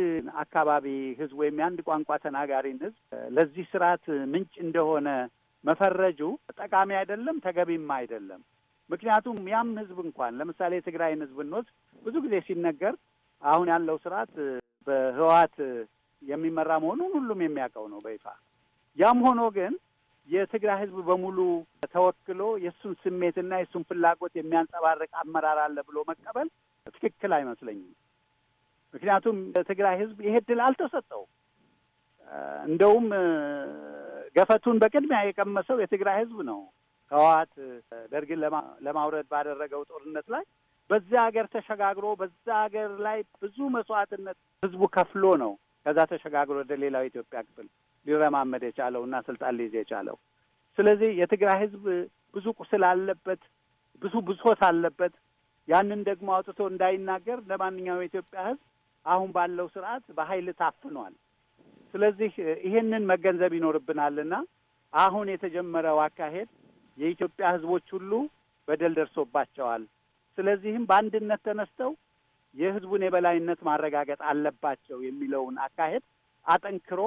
አካባቢ ህዝብ ወይም የአንድ ቋንቋ ተናጋሪን ህዝብ ለዚህ ስርዓት ምንጭ እንደሆነ መፈረጁ ጠቃሚ አይደለም፣ ተገቢም አይደለም። ምክንያቱም ያም ህዝብ እንኳን ለምሳሌ የትግራይን ህዝብ ብንወስድ ብዙ ጊዜ ሲነገር አሁን ያለው ስርዓት በህወሓት የሚመራ መሆኑን ሁሉም የሚያውቀው ነው በይፋ። ያም ሆኖ ግን የትግራይ ህዝብ በሙሉ ተወክሎ የእሱን ስሜትና የእሱን ፍላጎት የሚያንጸባርቅ አመራር አለ ብሎ መቀበል ትክክል አይመስለኝም። ምክንያቱም ለትግራይ ህዝብ ይሄ ድል አልተሰጠው። እንደውም ገፈቱን በቅድሚያ የቀመሰው የትግራይ ህዝብ ነው። ህወሓት ደርግን ለማውረድ ባደረገው ጦርነት ላይ በዛ ሀገር ተሸጋግሮ በዛ ሀገር ላይ ብዙ መስዋዕትነት ህዝቡ ከፍሎ ነው ከዛ ተሸጋግሮ ወደ ሌላው የኢትዮጵያ ክፍል ሊረማመድ የቻለው እና ስልጣን ሊይዝ የቻለው። ስለዚህ የትግራይ ህዝብ ብዙ ቁስል አለበት፣ ብዙ ብሶት አለበት። ያንን ደግሞ አውጥቶ እንዳይናገር ለማንኛውም የኢትዮጵያ ህዝብ አሁን ባለው ስርዓት በኃይል ታፍኗል። ስለዚህ ይሄንን መገንዘብ ይኖርብናልና አሁን የተጀመረው አካሄድ የኢትዮጵያ ህዝቦች ሁሉ በደል ደርሶባቸዋል። ስለዚህም በአንድነት ተነስተው የህዝቡን የበላይነት ማረጋገጥ አለባቸው የሚለውን አካሄድ አጠንክሮ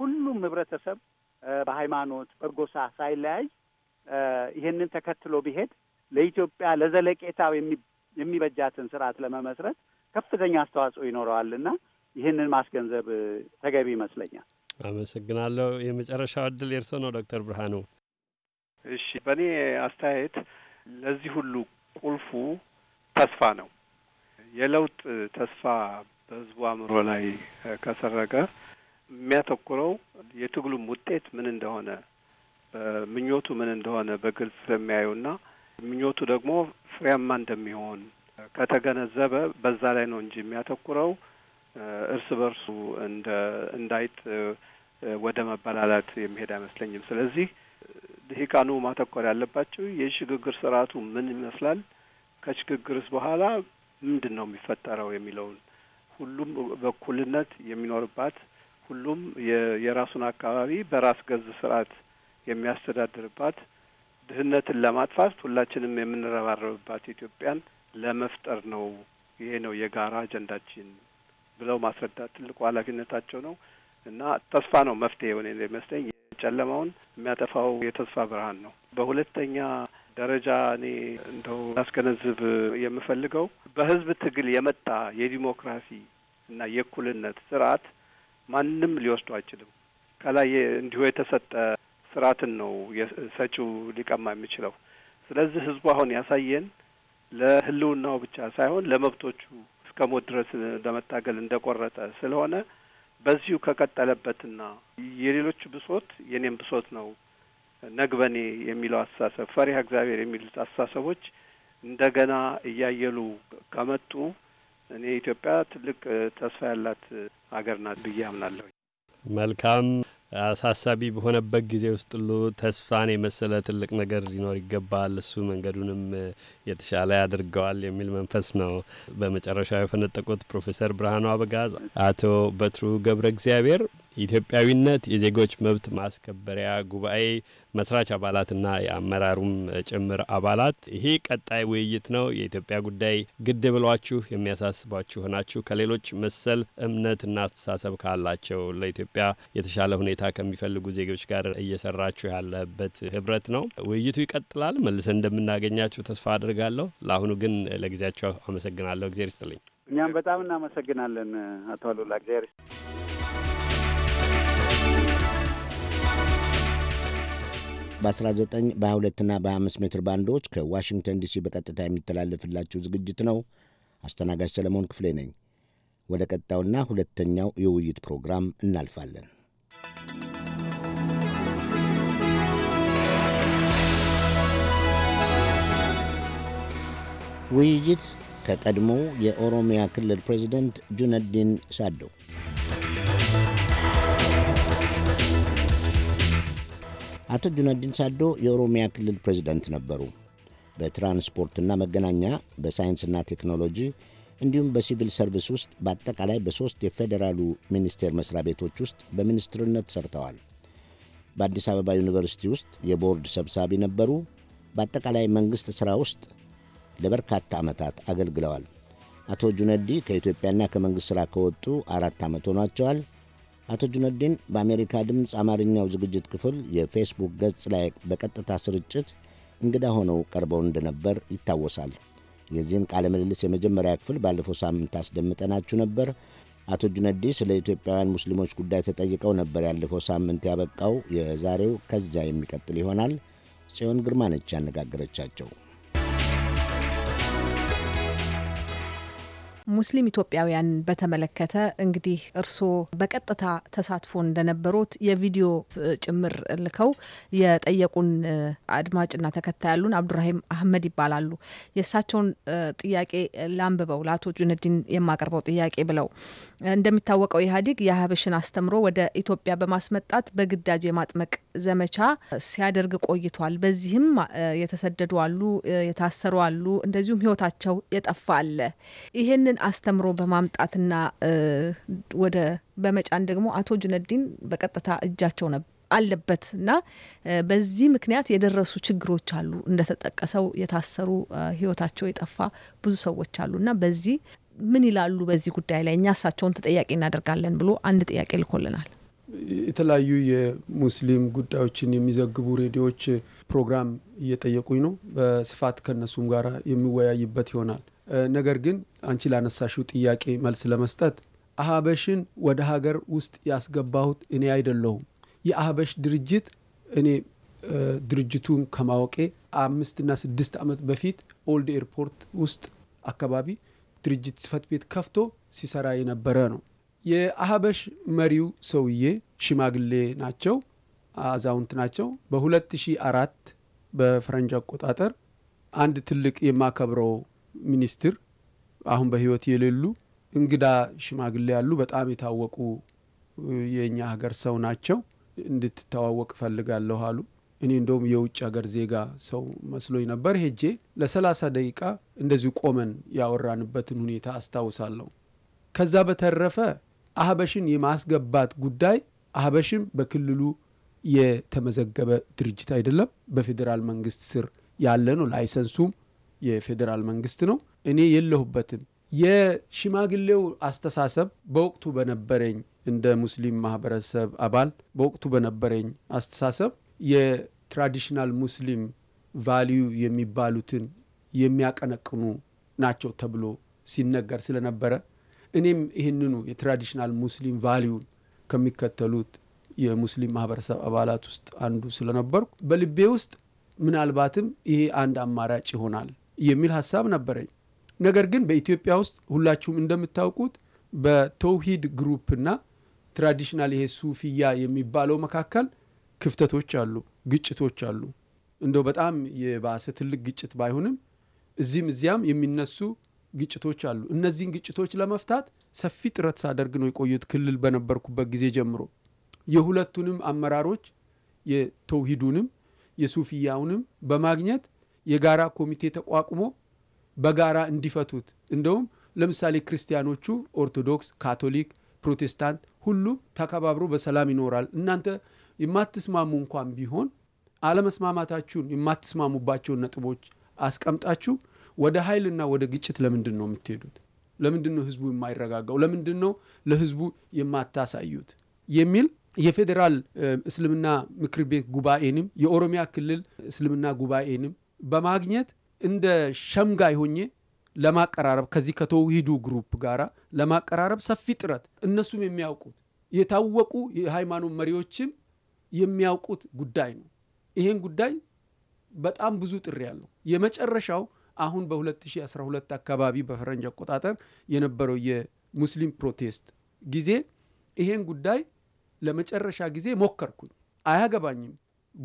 ሁሉም ህብረተሰብ በሃይማኖት በጎሳ ሳይለያይ ይሄንን ተከትሎ ቢሄድ ለኢትዮጵያ ለዘለቄታው የሚበጃትን ስርዓት ለመመስረት ከፍተኛ አስተዋጽኦ ይኖረዋልና ይህንን ማስገንዘብ ተገቢ ይመስለኛል። አመሰግናለሁ። የመጨረሻው እድል የእርስዎ ነው ዶክተር ብርሃኑ። እሺ፣ በእኔ አስተያየት ለዚህ ሁሉ ቁልፉ ተስፋ ነው። የለውጥ ተስፋ በህዝቡ አእምሮ ላይ ከሰረገ የሚያተኩረው የትግሉም ውጤት ምን እንደሆነ ምኞቱ ምን እንደሆነ በግልጽ ስለሚያዩና ምኞቱ ደግሞ ፍሬያማ እንደሚሆን ከተገነዘበ በዛ ላይ ነው እንጂ የሚያተኩረው እርስ በርሱ እንደ እንዳይጥ ወደ መበላላት የሚሄድ አይመስለኝም። ስለዚህ ድሂቃኑ ማተኮር ያለባቸው የሽግግር ስርዓቱ ምን ይመስላል፣ ከሽግግርስ በኋላ ምንድን ነው የሚፈጠረው የሚለውን ሁሉም በኩልነት የሚኖርባት ሁሉም የራሱን አካባቢ በራስ ገዝ ስርዓት የሚያስተዳድርባት ድህነትን ለማጥፋት ሁላችንም የምንረባረብባት ኢትዮጵያን ለመፍጠር ነው። ይሄ ነው የጋራ አጀንዳችን ብለው ማስረዳት ትልቁ ኃላፊነታቸው ነው እና ተስፋ ነው መፍትሄ የሆነ የሚመስለኝ ጨለማውን የሚያጠፋው የተስፋ ብርሃን ነው። በሁለተኛ ደረጃ እኔ እንደው ላስገነዝብ የምፈልገው በህዝብ ትግል የመጣ የዲሞክራሲ እና የእኩልነት ስርዓት ማንም ሊወስዱ አይችልም። ከላይ እንዲሁ የተሰጠ ስርዓትን ነው ሰጪው ሊቀማ የሚችለው። ስለዚህ ህዝቡ አሁን ያሳየን ለህልውናው ብቻ ሳይሆን ለመብቶቹ እስከ ሞት ድረስ ለመታገል እንደቆረጠ ስለሆነ በዚሁ ከቀጠለበትና የሌሎች ብሶት የኔም ብሶት ነው ነግበኔ የሚለው አስተሳሰብ፣ ፈሪሃ እግዚአብሔር የሚሉት አስተሳሰቦች እንደገና እያየሉ ከመጡ እኔ ኢትዮጵያ ትልቅ ተስፋ ያላት ሀገር ናት ብዬ አምናለሁ። መልካም አሳሳቢ በሆነበት ጊዜ ውስጥ ሁሉ ተስፋን የመሰለ ትልቅ ነገር ሊኖር ይገባል፣ እሱ መንገዱንም የተሻለ ያደርገዋል የሚል መንፈስ ነው በመጨረሻ የፈነጠቁት ፕሮፌሰር ብርሃኑ አበጋዝ። አቶ በትሩ ገብረ እግዚአብሔር ኢትዮጵያዊነት የዜጎች መብት ማስከበሪያ ጉባኤ መስራች አባላትና የአመራሩም ጭምር አባላት ይሄ ቀጣይ ውይይት ነው። የኢትዮጵያ ጉዳይ ግድ ብሏችሁ የሚያሳስባችሁ ናችሁ። ከሌሎች መሰል እምነትና አስተሳሰብ ካላቸው ለኢትዮጵያ የተሻለ ሁኔታ ከሚፈልጉ ዜጎች ጋር እየሰራችሁ ያለበት ህብረት ነው። ውይይቱ ይቀጥላል። መልሰን እንደምናገኛችሁ ተስፋ አድርጋለሁ። ለአሁኑ ግን ለጊዜያችሁ አመሰግናለሁ። እግዜር ይስጥልኝ። እኛም በጣም እናመሰግናለን አቶ አሉላ እግዜር በ19 በ22ና በ25 ሜትር ባንዶች ከዋሽንግተን ዲሲ በቀጥታ የሚተላለፍላችሁ ዝግጅት ነው። አስተናጋጅ ሰለሞን ክፍሌ ነኝ። ወደ ቀጣውና ሁለተኛው የውይይት ፕሮግራም እናልፋለን። ውይይት ከቀድሞው የኦሮሚያ ክልል ፕሬዚደንት ጁነዲን ሳዶ አቶ ጁነዲን ሳዶ የኦሮሚያ ክልል ፕሬዚደንት ነበሩ። በትራንስፖርትና መገናኛ፣ በሳይንስና ቴክኖሎጂ እንዲሁም በሲቪል ሰርቪስ ውስጥ በአጠቃላይ በሦስት የፌዴራሉ ሚኒስቴር መስሪያ ቤቶች ውስጥ በሚኒስትርነት ሰርተዋል። በአዲስ አበባ ዩኒቨርሲቲ ውስጥ የቦርድ ሰብሳቢ ነበሩ። በአጠቃላይ መንግሥት ሥራ ውስጥ ለበርካታ ዓመታት አገልግለዋል። አቶ ጁነዲ ከኢትዮጵያና ከመንግሥት ሥራ ከወጡ አራት ዓመት ሆኗቸዋል። አቶ ጁነዲን በአሜሪካ ድምፅ አማርኛው ዝግጅት ክፍል የፌስቡክ ገጽ ላይ በቀጥታ ስርጭት እንግዳ ሆነው ቀርበው እንደነበር ይታወሳል። የዚህን ቃለ ምልልስ የመጀመሪያ ክፍል ባለፈው ሳምንት አስደምጠናችሁ ነበር። አቶ ጁነዲ ስለ ኢትዮጵያውያን ሙስሊሞች ጉዳይ ተጠይቀው ነበር። ያለፈው ሳምንት ያበቃው የዛሬው ከዚያ የሚቀጥል ይሆናል። ጽዮን ግርማ ነች ያነጋገረቻቸው። ሙስሊም ኢትዮጵያውያን በተመለከተ እንግዲህ እርስዎ በቀጥታ ተሳትፎ እንደነበሩት የቪዲዮ ጭምር ልከው የጠየቁን አድማጭና ተከታይ ያሉን አብዱራሂም አህመድ ይባላሉ። የእሳቸውን ጥያቄ ላንብበው ለአቶ ጁነዲን የማቀርበው ጥያቄ ብለው እንደሚታወቀው ኢህአዴግ የሀበሽን አስተምሮ ወደ ኢትዮጵያ በማስመጣት በግዳጅ የማጥመቅ ዘመቻ ሲያደርግ ቆይቷል። በዚህም የተሰደዱ አሉ፣ የታሰሩ አሉ፣ እንደዚሁም ህይወታቸው የጠፋ አለ። ይሄንን አስተምሮ በማምጣትና ወደ በመጫን ደግሞ አቶ ጁነዲን በቀጥታ እጃቸው ነበር አለበት እና በዚህ ምክንያት የደረሱ ችግሮች አሉ። እንደተጠቀሰው የታሰሩ ህይወታቸው የጠፋ ብዙ ሰዎች አሉ እና በዚህ ምን ይላሉ በዚህ ጉዳይ ላይ? እኛ እሳቸውን ተጠያቂ እናደርጋለን ብሎ አንድ ጥያቄ ልኮልናል። የተለያዩ የሙስሊም ጉዳዮችን የሚዘግቡ ሬዲዮዎች ፕሮግራም እየጠየቁኝ ነው። በስፋት ከነሱም ጋር የሚወያይበት ይሆናል። ነገር ግን አንቺ ላነሳሽው ጥያቄ መልስ ለመስጠት አህበሽን ወደ ሀገር ውስጥ ያስገባሁት እኔ አይደለሁም። የአህበሽ ድርጅት እኔ ድርጅቱን ከማወቄ አምስትና ስድስት ዓመት በፊት ኦልድ ኤርፖርት ውስጥ አካባቢ ድርጅት ጽፈት ቤት ከፍቶ ሲሰራ የነበረ ነው። የአህበሽ መሪው ሰውዬ ሽማግሌ ናቸው፣ አዛውንት ናቸው። በ2004 በፈረንጅ አቆጣጠር አንድ ትልቅ የማከብረው ሚኒስትር አሁን በህይወት የሌሉ እንግዳ ሽማግሌ ያሉ በጣም የታወቁ የእኛ ሀገር ሰው ናቸው እንድትተዋወቅ እፈልጋለሁ አሉ። እኔ እንደውም የውጭ ሀገር ዜጋ ሰው መስሎኝ ነበር። ሄጄ ለሰላሳ ደቂቃ እንደዚሁ ቆመን ያወራንበትን ሁኔታ አስታውሳለሁ። ከዛ በተረፈ አህበሽን የማስገባት ጉዳይ አህበሽም በክልሉ የተመዘገበ ድርጅት አይደለም፣ በፌዴራል መንግስት ስር ያለ ነው። ላይሰንሱም የፌዴራል መንግስት ነው። እኔ የለሁበትም። የሽማግሌው አስተሳሰብ በወቅቱ በነበረኝ እንደ ሙስሊም ማህበረሰብ አባል በወቅቱ በነበረኝ አስተሳሰብ ትራዲሽናል ሙስሊም ቫሊዩ የሚባሉትን የሚያቀነቅኑ ናቸው ተብሎ ሲነገር ስለነበረ እኔም ይህንኑ የትራዲሽናል ሙስሊም ቫሊዩን ከሚከተሉት የሙስሊም ማህበረሰብ አባላት ውስጥ አንዱ ስለነበርኩ በልቤ ውስጥ ምናልባትም ይሄ አንድ አማራጭ ይሆናል የሚል ሀሳብ ነበረኝ። ነገር ግን በኢትዮጵያ ውስጥ ሁላችሁም እንደምታውቁት በተውሂድ ግሩፕና ትራዲሽናል ይሄ ሱፊያ የሚባለው መካከል ክፍተቶች አሉ፣ ግጭቶች አሉ። እንደው በጣም የባሰ ትልቅ ግጭት ባይሆንም እዚህም እዚያም የሚነሱ ግጭቶች አሉ። እነዚህን ግጭቶች ለመፍታት ሰፊ ጥረት ሳደርግ ነው የቆዩት ክልል በነበርኩበት ጊዜ ጀምሮ የሁለቱንም አመራሮች የተውሂዱንም የሱፊያውንም በማግኘት የጋራ ኮሚቴ ተቋቁሞ በጋራ እንዲፈቱት እንደውም ለምሳሌ ክርስቲያኖቹ፣ ኦርቶዶክስ፣ ካቶሊክ፣ ፕሮቴስታንት ሁሉም ተከባብሮ በሰላም ይኖራል እናንተ የማትስማሙ እንኳን ቢሆን አለመስማማታችሁን የማትስማሙባቸውን ነጥቦች አስቀምጣችሁ ወደ ኃይልና ወደ ግጭት ለምንድን ነው የምትሄዱት? ለምንድን ነው ህዝቡ የማይረጋጋው? ለምንድን ነው ለህዝቡ የማታሳዩት? የሚል የፌዴራል እስልምና ምክር ቤት ጉባኤንም የኦሮሚያ ክልል እስልምና ጉባኤንም በማግኘት እንደ ሸምጋይ ሆኜ ለማቀራረብ ከዚህ ከተውሂዱ ግሩፕ ጋራ ለማቀራረብ ሰፊ ጥረት እነሱም የሚያውቁት የታወቁ የሃይማኖት መሪዎችም የሚያውቁት ጉዳይ ነው። ይህን ጉዳይ በጣም ብዙ ጥሪ ያለው የመጨረሻው አሁን በ2012 አካባቢ በፈረንጅ አቆጣጠር የነበረው የሙስሊም ፕሮቴስት ጊዜ ይሄን ጉዳይ ለመጨረሻ ጊዜ ሞከርኩኝ። አያገባኝም፣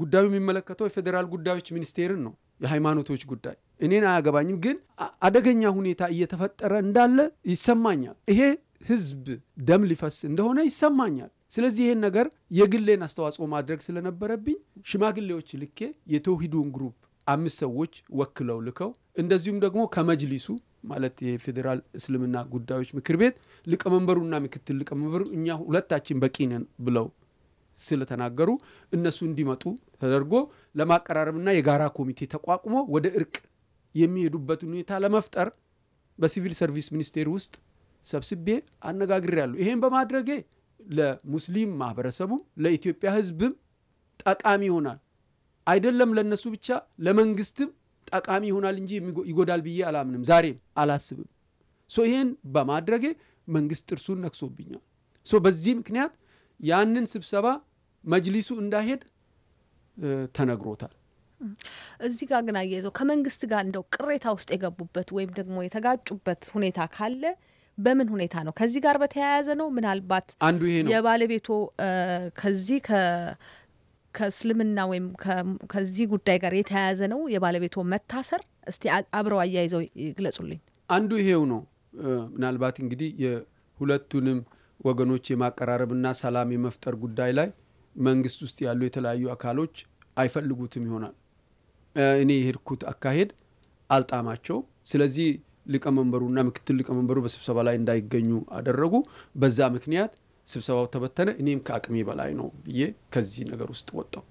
ጉዳዩ የሚመለከተው የፌዴራል ጉዳዮች ሚኒስቴርን ነው፣ የሃይማኖቶች ጉዳይ እኔን አያገባኝም። ግን አደገኛ ሁኔታ እየተፈጠረ እንዳለ ይሰማኛል። ይሄ ህዝብ ደም ሊፈስ እንደሆነ ይሰማኛል። ስለዚህ ይህን ነገር የግሌን አስተዋጽኦ ማድረግ ስለነበረብኝ ሽማግሌዎች ልኬ የተውሂዱን ግሩፕ አምስት ሰዎች ወክለው ልከው እንደዚሁም ደግሞ ከመጅሊሱ ማለት የፌዴራል እስልምና ጉዳዮች ምክር ቤት ሊቀመንበሩና ምክትል ሊቀመንበሩ እኛ ሁለታችን በቂ ነን ብለው ስለተናገሩ እነሱ እንዲመጡ ተደርጎ ለማቀራረብና የጋራ ኮሚቴ ተቋቁሞ ወደ እርቅ የሚሄዱበትን ሁኔታ ለመፍጠር በሲቪል ሰርቪስ ሚኒስቴር ውስጥ ሰብስቤ አነጋግሬ ያሉ ይሄን በማድረጌ ለሙስሊም ማህበረሰቡም ለኢትዮጵያ ህዝብም ጠቃሚ ይሆናል። አይደለም ለእነሱ ብቻ ለመንግስትም ጠቃሚ ይሆናል እንጂ ይጎዳል ብዬ አላምንም፣ ዛሬም አላስብም። ሶ ይህን በማድረጌ መንግስት ጥርሱን ነክሶብኛል። ሶ በዚህ ምክንያት ያንን ስብሰባ መጅሊሱ እንዳይሄድ ተነግሮታል። እዚህ ጋር ግን አያይዘው ከመንግስት ጋር እንደው ቅሬታ ውስጥ የገቡበት ወይም ደግሞ የተጋጩበት ሁኔታ ካለ በምን ሁኔታ ነው? ከዚህ ጋር በተያያዘ ነው ምናልባት አንዱ ይሄ ነው የባለቤቶ ከዚህ ከእስልምና ወይም ከዚህ ጉዳይ ጋር የተያያዘ ነው የባለቤቶ መታሰር። እስቲ አብረው አያይዘው ይግለጹልኝ። አንዱ ይሄው ነው። ምናልባት እንግዲህ የሁለቱንም ወገኖች የማቀራረብና ሰላም የመፍጠር ጉዳይ ላይ መንግስት ውስጥ ያሉ የተለያዩ አካሎች አይፈልጉትም ይሆናል። እኔ የሄድኩት አካሄድ አልጣማቸው። ስለዚህ ሊቀመንበሩና ምክትል ሊቀመንበሩ በስብሰባ ላይ እንዳይገኙ አደረጉ። በዛ ምክንያት ስብሰባው ተበተነ። እኔም ከአቅሜ በላይ ነው ብዬ ከዚህ ነገር ውስጥ ወጣው።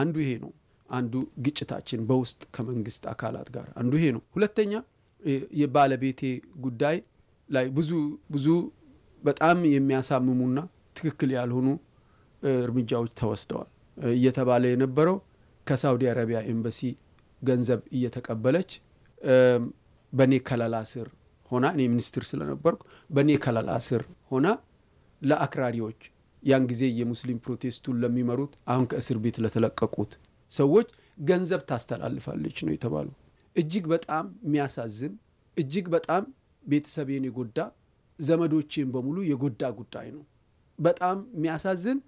አንዱ ይሄ ነው። አንዱ ግጭታችን በውስጥ ከመንግስት አካላት ጋር አንዱ ይሄ ነው። ሁለተኛ የባለቤቴ ጉዳይ ላይ ብዙ ብዙ በጣም የሚያሳምሙና ትክክል ያልሆኑ እርምጃዎች ተወስደዋል። እየተባለ የነበረው ከሳውዲ አረቢያ ኤምባሲ ገንዘብ እየተቀበለች በእኔ ከለላ ስር ሆና እኔ ሚኒስትር ስለነበርኩ በእኔ ከለላ ስር ሆና ለአክራሪዎች ያን ጊዜ የሙስሊም ፕሮቴስቱን ለሚመሩት አሁን ከእስር ቤት ለተለቀቁት ሰዎች ገንዘብ ታስተላልፋለች ነው የተባሉ። እጅግ በጣም የሚያሳዝን እጅግ በጣም ቤተሰቤን የጎዳ ዘመዶቼን በሙሉ የጎዳ ጉዳይ ነው። በጣም የሚያሳዝን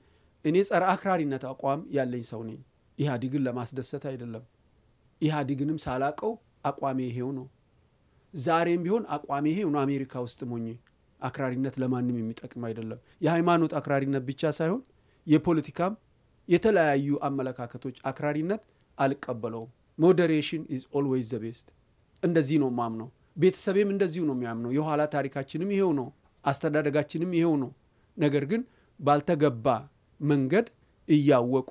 እኔ ጸረ አክራሪነት አቋም ያለኝ ሰው ነኝ። ኢህአዲግን ለማስደሰት አይደለም። ኢህአዲግንም ሳላቀው አቋሜ ይሄው ነው። ዛሬም ቢሆን አቋሚ ይሄ ሆኖ አሜሪካ ውስጥ ሞኝ አክራሪነት ለማንም የሚጠቅም አይደለም። የሃይማኖት አክራሪነት ብቻ ሳይሆን የፖለቲካም የተለያዩ አመለካከቶች አክራሪነት አልቀበለውም። ሞዴሬሽን ኢዝ ኦልዌይዝ ዘ ቤስት። እንደዚህ ነው ማምነው። ቤተሰቤም እንደዚሁ ነው የሚያምነው። የኋላ ታሪካችንም ይሄው ነው፣ አስተዳደጋችንም ይሄው ነው። ነገር ግን ባልተገባ መንገድ እያወቁ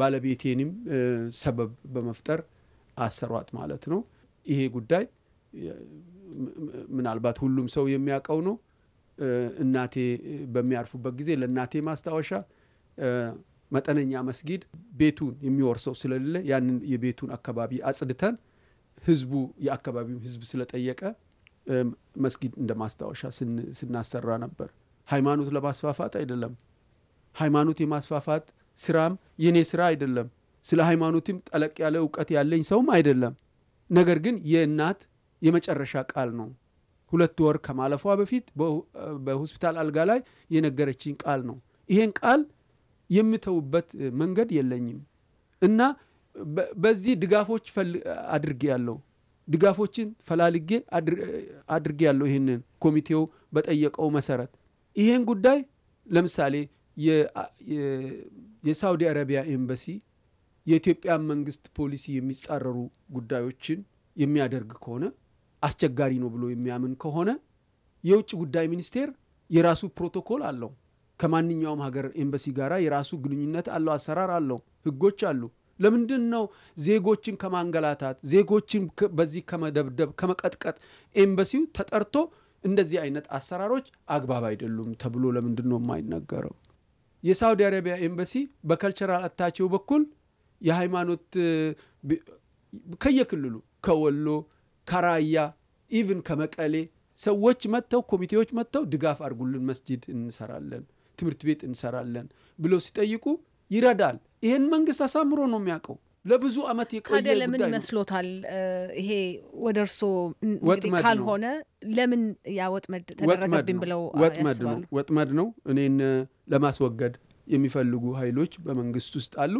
ባለቤቴንም ሰበብ በመፍጠር አሰሯት ማለት ነው ይሄ ጉዳይ ምናልባት ሁሉም ሰው የሚያውቀው ነው። እናቴ በሚያርፉበት ጊዜ ለእናቴ ማስታወሻ መጠነኛ መስጊድ ቤቱን የሚወርሰው ስለሌለ ያንን የቤቱን አካባቢ አጽድተን ህዝቡ የአካባቢው ህዝብ ስለጠየቀ መስጊድ እንደ ማስታወሻ ስናሰራ ነበር። ሃይማኖት ለማስፋፋት አይደለም። ሃይማኖት የማስፋፋት ስራም የኔ ስራ አይደለም። ስለ ሃይማኖትም ጠለቅ ያለ እውቀት ያለኝ ሰውም አይደለም። ነገር ግን የእናት የመጨረሻ ቃል ነው። ሁለት ወር ከማለፏ በፊት በሆስፒታል አልጋ ላይ የነገረችኝ ቃል ነው። ይሄን ቃል የምተውበት መንገድ የለኝም እና በዚህ ድጋፎች አድርጌ ያለው ድጋፎችን ፈላልጌ አድርጌ ያለው ይህንን ኮሚቴው በጠየቀው መሰረት ይሄን ጉዳይ ለምሳሌ የሳውዲ አረቢያ ኤምባሲ የኢትዮጵያ መንግስት ፖሊሲ የሚጻረሩ ጉዳዮችን የሚያደርግ ከሆነ አስቸጋሪ ነው ብሎ የሚያምን ከሆነ የውጭ ጉዳይ ሚኒስቴር የራሱ ፕሮቶኮል አለው። ከማንኛውም ሀገር ኤምባሲ ጋር የራሱ ግንኙነት አለው፣ አሰራር አለው፣ ህጎች አሉ። ለምንድን ነው ዜጎችን ከማንገላታት ዜጎችን በዚህ ከመደብደብ ከመቀጥቀጥ ኤምባሲው ተጠርቶ እንደዚህ አይነት አሰራሮች አግባብ አይደሉም ተብሎ ለምንድን ነው የማይነገረው? የሳውዲ አረቢያ ኤምባሲ በከልቸራል አታቸው በኩል የሃይማኖት ከየክልሉ ከወሎ ከራያ ኢቭን ከመቀሌ ሰዎች መጥተው ኮሚቴዎች መጥተው ድጋፍ አድርጉልን፣ መስጂድ እንሰራለን፣ ትምህርት ቤት እንሰራለን ብሎ ሲጠይቁ ይረዳል። ይሄን መንግስት አሳምሮ ነው የሚያውቀው። ለብዙ አመት የቆየ ለምን ይመስሎታል? ይሄ ወደ እርሶ ካልሆነ ለምን ያ ወጥመድ ተደረገብኝ ብለው ወጥመድ ነው ወጥመድ ነው። እኔን ለማስወገድ የሚፈልጉ ኃይሎች በመንግስት ውስጥ አሉ።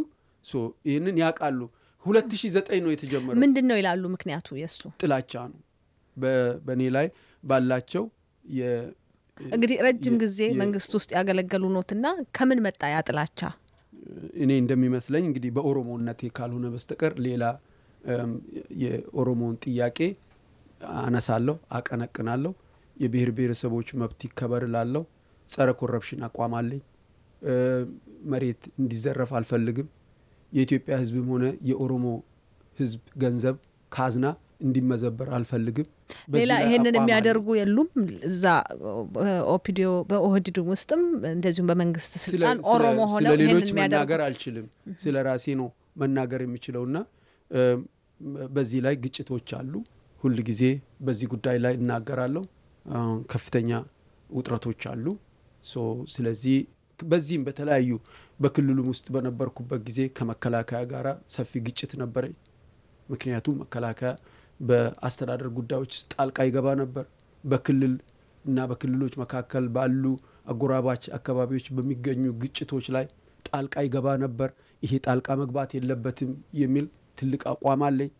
ይህንን ያውቃሉ። 2009 ነው የተጀመረው። ምንድን ነው ይላሉ ምክንያቱ? የእሱ ጥላቻ ነው በእኔ ላይ ባላቸው እንግዲህ ረጅም ጊዜ መንግስት ውስጥ ያገለገሉ ኖትና ከምን መጣ ያ ጥላቻ? እኔ እንደሚመስለኝ እንግዲህ በኦሮሞነቴ ካልሆነ በስተቀር ሌላ የኦሮሞን ጥያቄ አነሳለሁ፣ አቀነቅናለሁ፣ የብሔር ብሔረሰቦች መብት ይከበር ላለሁ፣ ጸረ ኮረፕሽን አቋም አለኝ፣ መሬት እንዲዘረፍ አልፈልግም፣ የኢትዮጵያ ህዝብም ሆነ የኦሮሞ ህዝብ ገንዘብ ካዝና እንዲመዘበር አልፈልግም። ሌላ ይሄንን የሚያደርጉ የሉም። እዛ ኦፒዲዮ በኦህዲድ ውስጥም እንደዚሁም በመንግስት ስልጣን ኦሮሞ ሆነው ሌሎች መናገር አልችልም። ስለ ራሴ ነው መናገር የሚችለውና በዚህ ላይ ግጭቶች አሉ። ሁል ጊዜ በዚህ ጉዳይ ላይ እናገራለሁ። ከፍተኛ ውጥረቶች አሉ። ስለዚህ በዚህም በተለያዩ በክልሉም ውስጥ በነበርኩበት ጊዜ ከመከላከያ ጋር ሰፊ ግጭት ነበረኝ። ምክንያቱም መከላከያ በአስተዳደር ጉዳዮች ውስጥ ጣልቃ ይገባ ነበር። በክልል እና በክልሎች መካከል ባሉ አጎራባች አካባቢዎች በሚገኙ ግጭቶች ላይ ጣልቃ ይገባ ነበር። ይሄ ጣልቃ መግባት የለበትም የሚል ትልቅ አቋም አለኝ።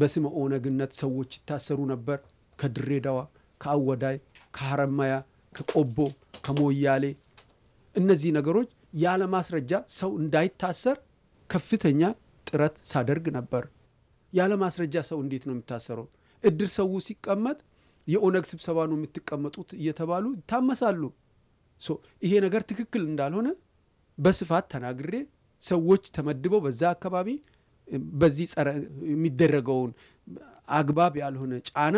በስመ ኦነግነት ሰዎች ይታሰሩ ነበር። ከድሬዳዋ፣ ከአወዳይ፣ ከሀረማያ፣ ከቆቦ፣ ከሞያሌ እነዚህ ነገሮች ያለ ማስረጃ ሰው እንዳይታሰር ከፍተኛ ጥረት ሳደርግ ነበር። ያለ ማስረጃ ሰው እንዴት ነው የሚታሰረው? እድር ሰው ሲቀመጥ የኦነግ ስብሰባ ነው የምትቀመጡት እየተባሉ ይታመሳሉ። ይሄ ነገር ትክክል እንዳልሆነ በስፋት ተናግሬ ሰዎች ተመድበው በዛ አካባቢ በዚህ የሚደረገውን አግባብ ያልሆነ ጫና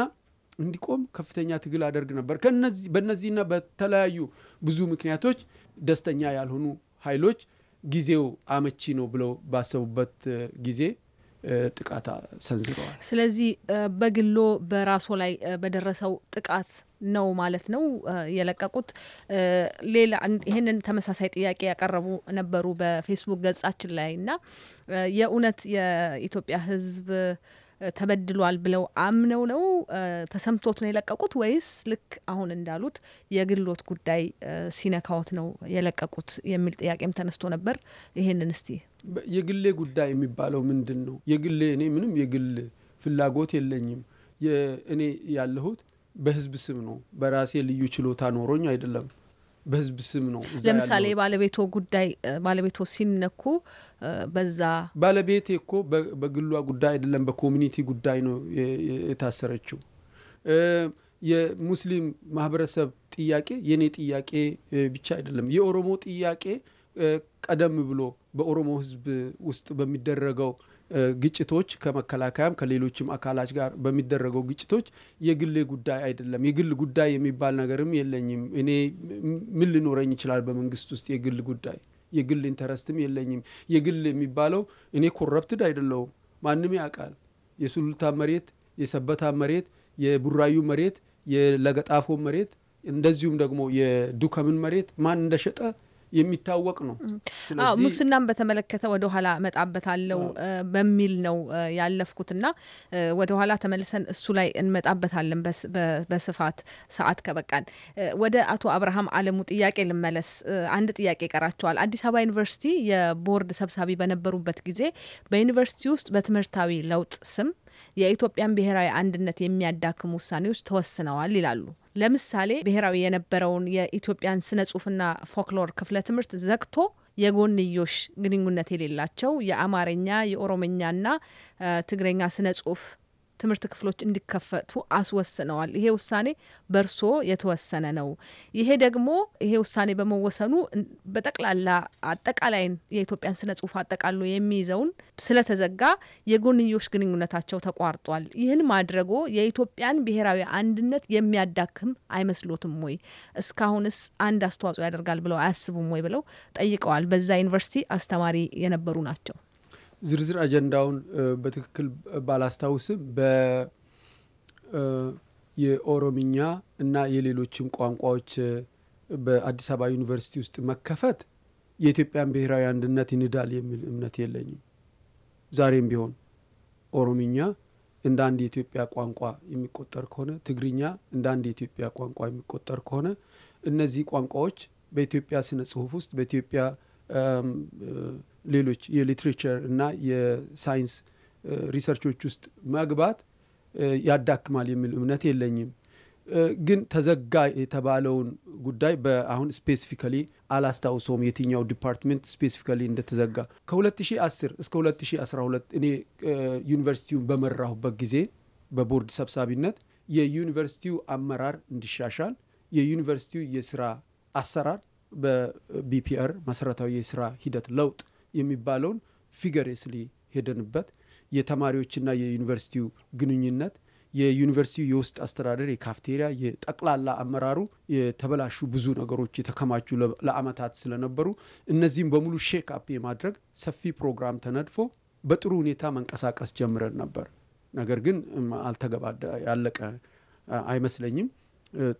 እንዲቆም ከፍተኛ ትግል አደርግ ነበር። በእነዚህና በተለያዩ ብዙ ምክንያቶች ደስተኛ ያልሆኑ ኃይሎች ጊዜው አመቺ ነው ብለው ባሰቡበት ጊዜ ጥቃት ሰንዝረዋል። ስለዚህ በግሎ በራሶ ላይ በደረሰው ጥቃት ነው ማለት ነው የለቀቁት። ሌላ ይህንን ተመሳሳይ ጥያቄ ያቀረቡ ነበሩ በፌስቡክ ገጻችን ላይ እና የእውነት የኢትዮጵያ ህዝብ ። ተበድሏል ብለው አምነው ነው ተሰምቶት ነው የለቀቁት ወይስ ልክ አሁን እንዳሉት የግሎት ጉዳይ ሲነካዎት ነው የለቀቁት የሚል ጥያቄም ተነስቶ ነበር። ይሄንን እስቲ የግሌ ጉዳይ የሚባለው ምንድን ነው? የግሌ እኔ ምንም የግል ፍላጎት የለኝም። እኔ ያለሁት በህዝብ ስም ነው። በራሴ ልዩ ችሎታ ኖሮኝ አይደለም። በህዝብ ስም ነው። ለምሳሌ ባለቤቶ ጉዳይ ባለቤቶ ሲነኩ በዛ ባለቤቴ እኮ በግሏ ጉዳይ አይደለም በኮሚኒቲ ጉዳይ ነው የታሰረችው። የሙስሊም ማህበረሰብ ጥያቄ የኔ ጥያቄ ብቻ አይደለም። የኦሮሞ ጥያቄ ቀደም ብሎ በኦሮሞ ህዝብ ውስጥ በሚደረገው ግጭቶች ከመከላከያም ከሌሎችም አካላች ጋር በሚደረገው ግጭቶች የግሌ ጉዳይ አይደለም። የግል ጉዳይ የሚባል ነገርም የለኝም። እኔ ምን ሊኖረኝ ይችላል? በመንግስት ውስጥ የግል ጉዳይ የግል ኢንተረስትም የለኝም። የግል የሚባለው እኔ ኮረፕትድ አይደለሁም። ማንም ያውቃል። የሱሉልታ መሬት፣ የሰበታ መሬት፣ የቡራዩ መሬት፣ የለገጣፎ መሬት እንደዚሁም ደግሞ የዱከምን መሬት ማን እንደሸጠ የሚታወቅ ነው። ሙስናን በተመለከተ ወደ ኋላ እመጣበታለሁ በሚል ነው ያለፍኩትና ወደ ኋላ ተመልሰን እሱ ላይ እንመጣበታለን በስፋት ሰዓት ከበቃን። ወደ አቶ አብርሃም አለሙ ጥያቄ ልመለስ። አንድ ጥያቄ ይቀራቸዋል። አዲስ አበባ ዩኒቨርሲቲ የቦርድ ሰብሳቢ በነበሩበት ጊዜ በዩኒቨርሲቲ ውስጥ በትምህርታዊ ለውጥ ስም የኢትዮጵያን ብሔራዊ አንድነት የሚያዳክም ውሳኔዎች ተወስነዋል ይላሉ። ለምሳሌ ብሔራዊ የነበረውን የኢትዮጵያን ስነ ጽሁፍና ፎክሎር ክፍለ ትምህርት ዘግቶ የጎንዮሽ ግንኙነት የሌላቸው የአማርኛ የኦሮምኛና ትግረኛ ስነ ጽሁፍ ትምህርት ክፍሎች እንዲከፈቱ አስወስነዋል። ይሄ ውሳኔ በርሶ የተወሰነ ነው። ይሄ ደግሞ ይሄ ውሳኔ በመወሰኑ በጠቅላላ አጠቃላይን የኢትዮጵያን ስነ ጽሁፍ አጠቃሎ የሚይዘውን ስለተዘጋ የጎንዮሽ ግንኙነታቸው ተቋርጧል። ይህን ማድረጎ የኢትዮጵያን ብሔራዊ አንድነት የሚያዳክም አይመስሎትም ወይ? እስካሁንስ አንድ አስተዋጽኦ ያደርጋል ብለው አያስቡም ወይ? ብለው ጠይቀዋል። በዛ ዩኒቨርሲቲ አስተማሪ የነበሩ ናቸው። ዝርዝር አጀንዳውን በትክክል ባላስታውስም የኦሮምኛ እና የሌሎችም ቋንቋዎች በአዲስ አበባ ዩኒቨርሲቲ ውስጥ መከፈት የኢትዮጵያን ብሔራዊ አንድነት ይንዳል የሚል እምነት የለኝም። ዛሬም ቢሆን ኦሮምኛ እንደ አንድ የኢትዮጵያ ቋንቋ የሚቆጠር ከሆነ፣ ትግርኛ እንደ አንድ የኢትዮጵያ ቋንቋ የሚቆጠር ከሆነ እነዚህ ቋንቋዎች በኢትዮጵያ ስነ ጽሁፍ ውስጥ በኢትዮጵያ ሌሎች የሊትሬቸር እና የሳይንስ ሪሰርቾች ውስጥ መግባት ያዳክማል የሚል እምነት የለኝም። ግን ተዘጋ የተባለውን ጉዳይ በአሁን ስፔሲፊካሊ አላስታውሰውም የትኛው ዲፓርትመንት ስፔሲፊካሊ እንደተዘጋ። ከ2010 እስከ 2012 እኔ ዩኒቨርሲቲውን በመራሁበት ጊዜ በቦርድ ሰብሳቢነት የዩኒቨርሲቲው አመራር እንዲሻሻል የዩኒቨርሲቲው የስራ አሰራር በቢፒአር መሰረታዊ የስራ ሂደት ለውጥ የሚባለውን ፊገሬስሊ ሄደንበት የተማሪዎችና የዩኒቨርሲቲው ግንኙነት የዩኒቨርሲቲው የውስጥ አስተዳደር፣ የካፍቴሪያ፣ የጠቅላላ አመራሩ የተበላሹ ብዙ ነገሮች የተከማቹ ለአመታት ስለነበሩ እነዚህም በሙሉ ሼክ አፕ የማድረግ ሰፊ ፕሮግራም ተነድፎ በጥሩ ሁኔታ መንቀሳቀስ ጀምረን ነበር። ነገር ግን አልተገባ ያለቀ አይመስለኝም።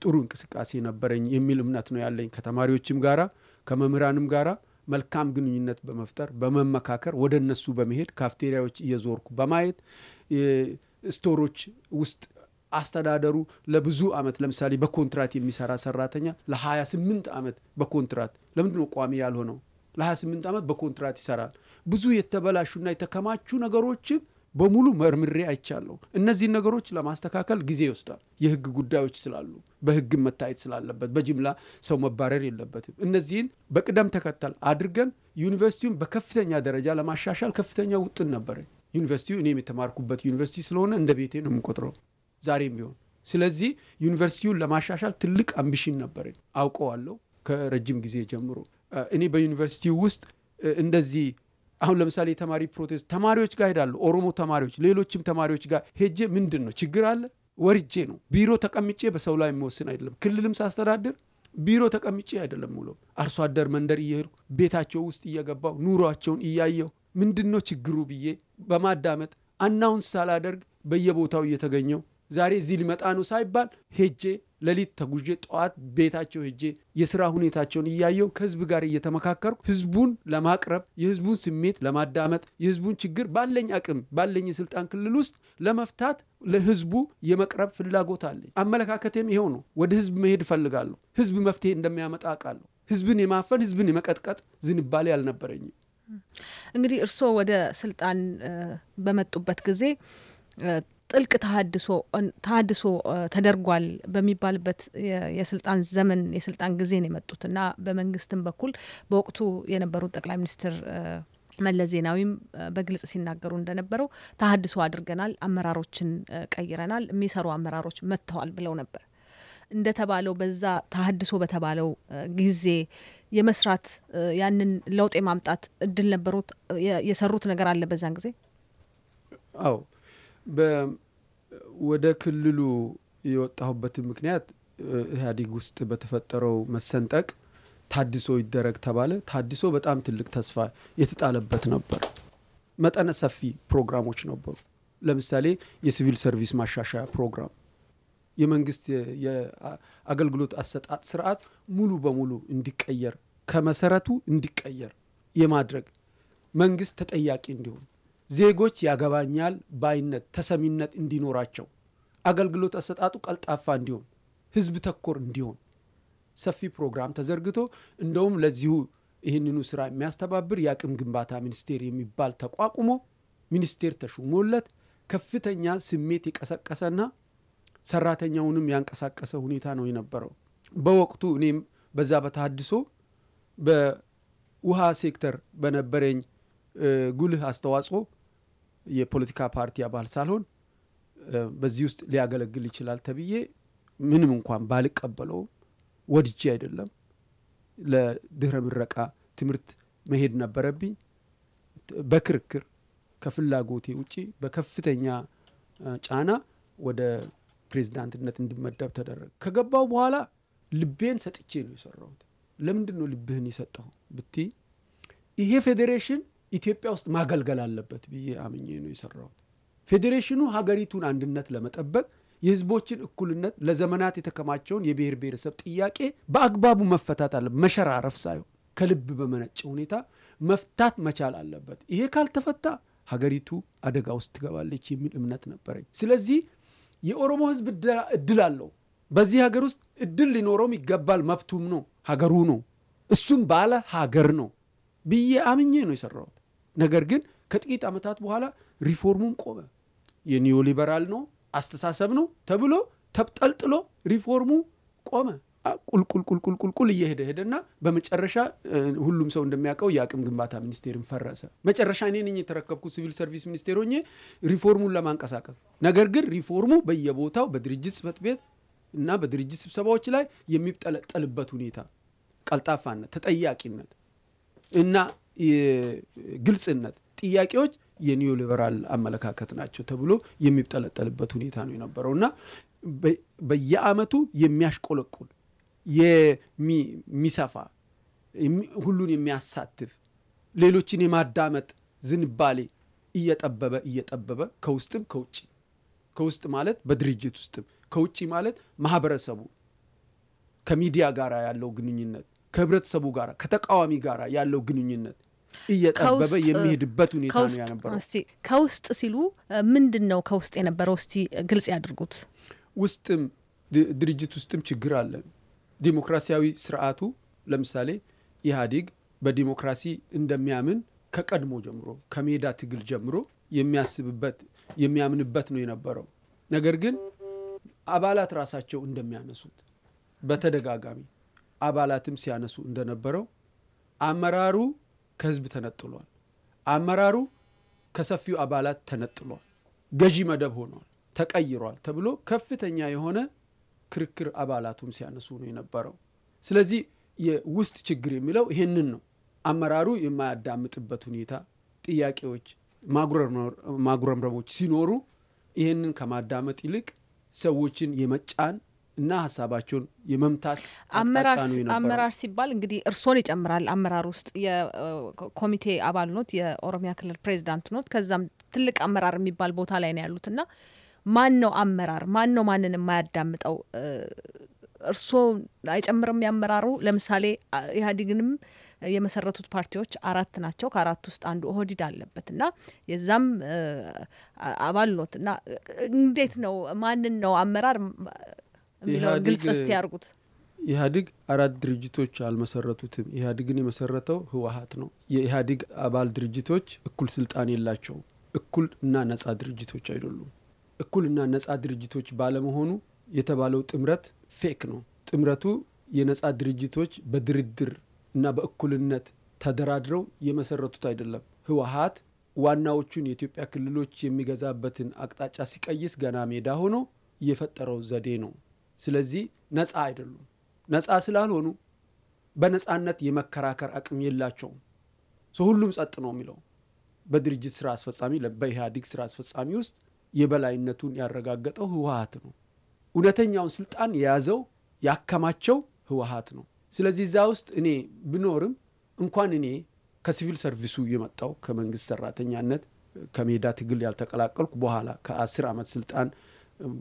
ጥሩ እንቅስቃሴ ነበረኝ የሚል እምነት ነው ያለኝ። ከተማሪዎችም ጋራ ከመምህራንም ጋራ መልካም ግንኙነት በመፍጠር በመመካከር ወደ እነሱ በመሄድ ካፍቴሪያዎች እየዞርኩ በማየት ስቶሮች ውስጥ አስተዳደሩ ለብዙ ዓመት ለምሳሌ በኮንትራት የሚሰራ ሰራተኛ ለ28 ዓመት በኮንትራት ለምንድን ነው ቋሚ ያልሆነው? ለ28 ዓመት በኮንትራት ይሰራል። ብዙ የተበላሹና የተከማቹ ነገሮችን በሙሉ መርምሬ አይቻለሁ። እነዚህን ነገሮች ለማስተካከል ጊዜ ይወስዳል። የህግ ጉዳዮች ስላሉ በህግ መታየት ስላለበት በጅምላ ሰው መባረር የለበትም። እነዚህን በቅደም ተከተል አድርገን ዩኒቨርሲቲውን በከፍተኛ ደረጃ ለማሻሻል ከፍተኛ ውጥን ነበረ ዩኒቨርሲቲው እኔም የተማርኩበት ዩኒቨርሲቲ ስለሆነ እንደ ቤቴ ነው የምቆጥረው ዛሬም ቢሆን። ስለዚህ ዩኒቨርሲቲውን ለማሻሻል ትልቅ አምቢሽን ነበረኝ። አውቀዋለሁ ከረጅም ጊዜ ጀምሮ እኔ በዩኒቨርሲቲው ውስጥ እንደዚህ አሁን ለምሳሌ የተማሪ ፕሮቴስት ተማሪዎች ጋር ሄዳሉ ኦሮሞ ተማሪዎች፣ ሌሎችም ተማሪዎች ጋር ሄጄ ምንድን ነው ችግር አለ ወርጄ ነው ቢሮ ተቀምጬ በሰው ላይ የሚወስን አይደለም። ክልልም ሳስተዳድር ቢሮ ተቀምጬ አይደለም ውሎም አርሶ አደር መንደር እየሄዱ ቤታቸው ውስጥ እየገባው ኑሯቸውን እያየው ምንድን ነው ችግሩ ብዬ በማዳመጥ አናውንስ ሳላደርግ በየቦታው እየተገኘው ዛሬ እዚህ ሊመጣ ነው ሳይባል ሄጄ ሌሊት ተጉዤ ጠዋት ቤታቸው ሄጄ የስራ ሁኔታቸውን እያየው ከህዝብ ጋር እየተመካከርኩ ህዝቡን ለማቅረብ የህዝቡን ስሜት ለማዳመጥ የህዝቡን ችግር ባለኝ አቅም ባለኝ የስልጣን ክልል ውስጥ ለመፍታት ለህዝቡ የመቅረብ ፍላጎት አለኝ። አመለካከቴም ይኸው ነው። ወደ ህዝብ መሄድ እፈልጋለሁ። ህዝብ መፍትሄ እንደሚያመጣ አውቃለሁ። ህዝብን የማፈን ህዝብን የመቀጥቀጥ ዝንባሌ አልነበረኝም። እንግዲህ እርስዎ ወደ ስልጣን በመጡበት ጊዜ ጥልቅ ተሃድሶ ተደርጓል በሚባልበት የስልጣን ዘመን የስልጣን ጊዜ ነው የመጡት እና በመንግስትም በኩል በወቅቱ የነበሩት ጠቅላይ ሚኒስትር መለስ ዜናዊም በግልጽ ሲናገሩ እንደነበረው ተሃድሶ አድርገናል፣ አመራሮችን ቀይረናል፣ የሚሰሩ አመራሮች መጥተዋል ብለው ነበር። እንደተባለው በዛ ተሃድሶ በተባለው ጊዜ የመስራት ያንን ለውጥ የማምጣት እድል ነበሩት? የሰሩት ነገር አለ በዛን ጊዜ? አዎ ወደ ክልሉ የወጣሁበትን ምክንያት ኢህአዴግ ውስጥ በተፈጠረው መሰንጠቅ ታድሶ ይደረግ ተባለ። ታድሶ በጣም ትልቅ ተስፋ የተጣለበት ነበር። መጠነ ሰፊ ፕሮግራሞች ነበሩ። ለምሳሌ የሲቪል ሰርቪስ ማሻሻያ ፕሮግራም፣ የመንግስት የአገልግሎት አሰጣጥ ስርዓት ሙሉ በሙሉ እንዲቀየር ከመሰረቱ እንዲቀየር የማድረግ መንግስት ተጠያቂ እንዲሆን ዜጎች ያገባኛል ባይነት ተሰሚነት እንዲኖራቸው አገልግሎት አሰጣጡ ቀልጣፋ እንዲሆን ህዝብ ተኮር እንዲሆን ሰፊ ፕሮግራም ተዘርግቶ እንደውም ለዚሁ ይህንኑ ስራ የሚያስተባብር የአቅም ግንባታ ሚኒስቴር የሚባል ተቋቁሞ ሚኒስቴር ተሹሞለት ከፍተኛ ስሜት የቀሰቀሰና ሰራተኛውንም ያንቀሳቀሰ ሁኔታ ነው የነበረው። በወቅቱ እኔም በዛ በታድሶ በውሃ ሴክተር በነበረኝ ጉልህ አስተዋጽኦ የፖለቲካ ፓርቲ አባል ሳልሆን በዚህ ውስጥ ሊያገለግል ይችላል ተብዬ ምንም እንኳን ባልቀበለውም ወድጄ አይደለም ለድህረ ምረቃ ትምህርት መሄድ ነበረብኝ። በክርክር ከፍላጎቴ ውጪ በከፍተኛ ጫና ወደ ፕሬዚዳንትነት እንድመደብ ተደረገ። ከገባው በኋላ ልቤን ሰጥቼ ነው የሰራሁት። ለምንድን ነው ልብህን የሰጠው ብቲ ይሄ ፌዴሬሽን ኢትዮጵያ ውስጥ ማገልገል አለበት ብዬ አምኜ ነው የሰራሁት። ፌዴሬሽኑ ሀገሪቱን አንድነት ለመጠበቅ የህዝቦችን እኩልነት፣ ለዘመናት የተከማቸውን የብሔር ብሔረሰብ ጥያቄ በአግባቡ መፈታት አለ መሸራረፍ ሳይሆን ከልብ በመነጨ ሁኔታ መፍታት መቻል አለበት። ይሄ ካልተፈታ ሀገሪቱ አደጋ ውስጥ ትገባለች የሚል እምነት ነበረኝ። ስለዚህ የኦሮሞ ህዝብ እድል አለው። በዚህ ሀገር ውስጥ እድል ሊኖረውም ይገባል። መብቱም ነው፣ ሀገሩ ነው፣ እሱም ባለ ሀገር ነው ብዬ አምኜ ነው የሰራሁት። ነገር ግን ከጥቂት ዓመታት በኋላ ሪፎርሙም ቆመ። የኒዮሊበራል ነው አስተሳሰብ ነው ተብሎ ተብጠልጥሎ ሪፎርሙ ቆመ። ቁልቁልቁልቁልቁል እየሄደ ሄደና በመጨረሻ ሁሉም ሰው እንደሚያውቀው የአቅም ግንባታ ሚኒስቴርን ፈረሰ። መጨረሻ እኔ ነኝ የተረከብኩት ሲቪል ሰርቪስ ሚኒስቴር ሆኜ ሪፎርሙን ለማንቀሳቀስ ነገር ግን ሪፎርሙ በየቦታው በድርጅት ጽፈት ቤት እና በድርጅት ስብሰባዎች ላይ የሚጠለጠልበት ሁኔታ፣ ቀልጣፋነት፣ ተጠያቂነት እና ግልጽነት ጥያቄዎች የኒዮ ሊበራል አመለካከት ናቸው ተብሎ የሚጠለጠልበት ሁኔታ ነው የነበረው እና በየአመቱ የሚያሽቆለቁል የሚሰፋ ሁሉን የሚያሳትፍ ሌሎችን የማዳመጥ ዝንባሌ እየጠበበ እየጠበበ ከውስጥም ከውጭ ከውስጥ ማለት በድርጅት ውስጥም ከውጭ ማለት ማህበረሰቡ ከሚዲያ ጋር ያለው ግንኙነት ከህብረተሰቡ ጋር ከተቃዋሚ ጋር ያለው ግንኙነት እየጠበበ የሚሄድበት ሁኔታ ነው ያነበረው። ከውስጥ ሲሉ ምንድን ነው ከውስጥ የነበረው? እስቲ ግልጽ ያድርጉት። ውስጥም ድርጅት ውስጥም ችግር አለ። ዲሞክራሲያዊ ስርዓቱ ለምሳሌ ኢህአዴግ በዲሞክራሲ እንደሚያምን ከቀድሞ ጀምሮ ከሜዳ ትግል ጀምሮ የሚያስብበት የሚያምንበት ነው የነበረው። ነገር ግን አባላት ራሳቸው እንደሚያነሱት በተደጋጋሚ አባላትም ሲያነሱ እንደነበረው አመራሩ ከህዝብ ተነጥሏል። አመራሩ ከሰፊው አባላት ተነጥሏል። ገዢ መደብ ሆኗል፣ ተቀይሯል ተብሎ ከፍተኛ የሆነ ክርክር አባላቱም ሲያነሱ ነው የነበረው። ስለዚህ የውስጥ ችግር የሚለው ይህንን ነው። አመራሩ የማያዳምጥበት ሁኔታ፣ ጥያቄዎች፣ ማጉረምረቦች ሲኖሩ ይህንን ከማዳመጥ ይልቅ ሰዎችን የመጫን እና ሀሳባቸውን የመምታት አመራር ሲባል እንግዲህ እርስዎን ይጨምራል። አመራር ውስጥ የኮሚቴ አባል ኖት፣ የኦሮሚያ ክልል ፕሬዚዳንት ኖት። ከዛም ትልቅ አመራር የሚባል ቦታ ላይ ነው ያሉት እና ማን ነው አመራር? ማን ነው ማንን የማያዳምጠው? እርስዎ አይጨምርም? ያመራሩ ለምሳሌ ኢህአዴግንም የመሰረቱት ፓርቲዎች አራት ናቸው። ከአራት ውስጥ አንዱ ኦህዲድ አለበት እና የዛም አባል ኖት እና እንዴት ነው ማንን ነው አመራር የሚለውን ግልጽ እስቲ ያርጉት። ኢህአዲግ አራት ድርጅቶች አልመሰረቱትም። ኢህአዲግን የመሰረተው ህወሀት ነው። የኢህአዲግ አባል ድርጅቶች እኩል ስልጣን የላቸውም። እኩል እና ነጻ ድርጅቶች አይደሉም። እኩል እና ነጻ ድርጅቶች ባለመሆኑ የተባለው ጥምረት ፌክ ነው። ጥምረቱ የነጻ ድርጅቶች በድርድር እና በእኩልነት ተደራድረው የመሰረቱት አይደለም። ህወሀት ዋናዎቹን የኢትዮጵያ ክልሎች የሚገዛበትን አቅጣጫ ሲቀይስ ገና ሜዳ ሆኖ የፈጠረው ዘዴ ነው። ስለዚህ ነፃ አይደሉም። ነፃ ስላልሆኑ በነፃነት የመከራከር አቅም የላቸውም። ሁሉም ጸጥ ነው የሚለው በድርጅት ስራ አስፈጻሚ በኢህአዲግ ስራ አስፈጻሚ ውስጥ የበላይነቱን ያረጋገጠው ህወሀት ነው። እውነተኛውን ስልጣን የያዘው ያከማቸው ህወሀት ነው። ስለዚህ እዛ ውስጥ እኔ ብኖርም እንኳን እኔ ከሲቪል ሰርቪሱ የመጣው ከመንግስት ሰራተኛነት ከሜዳ ትግል ያልተቀላቀልኩ በኋላ ከአስር ዓመት ስልጣን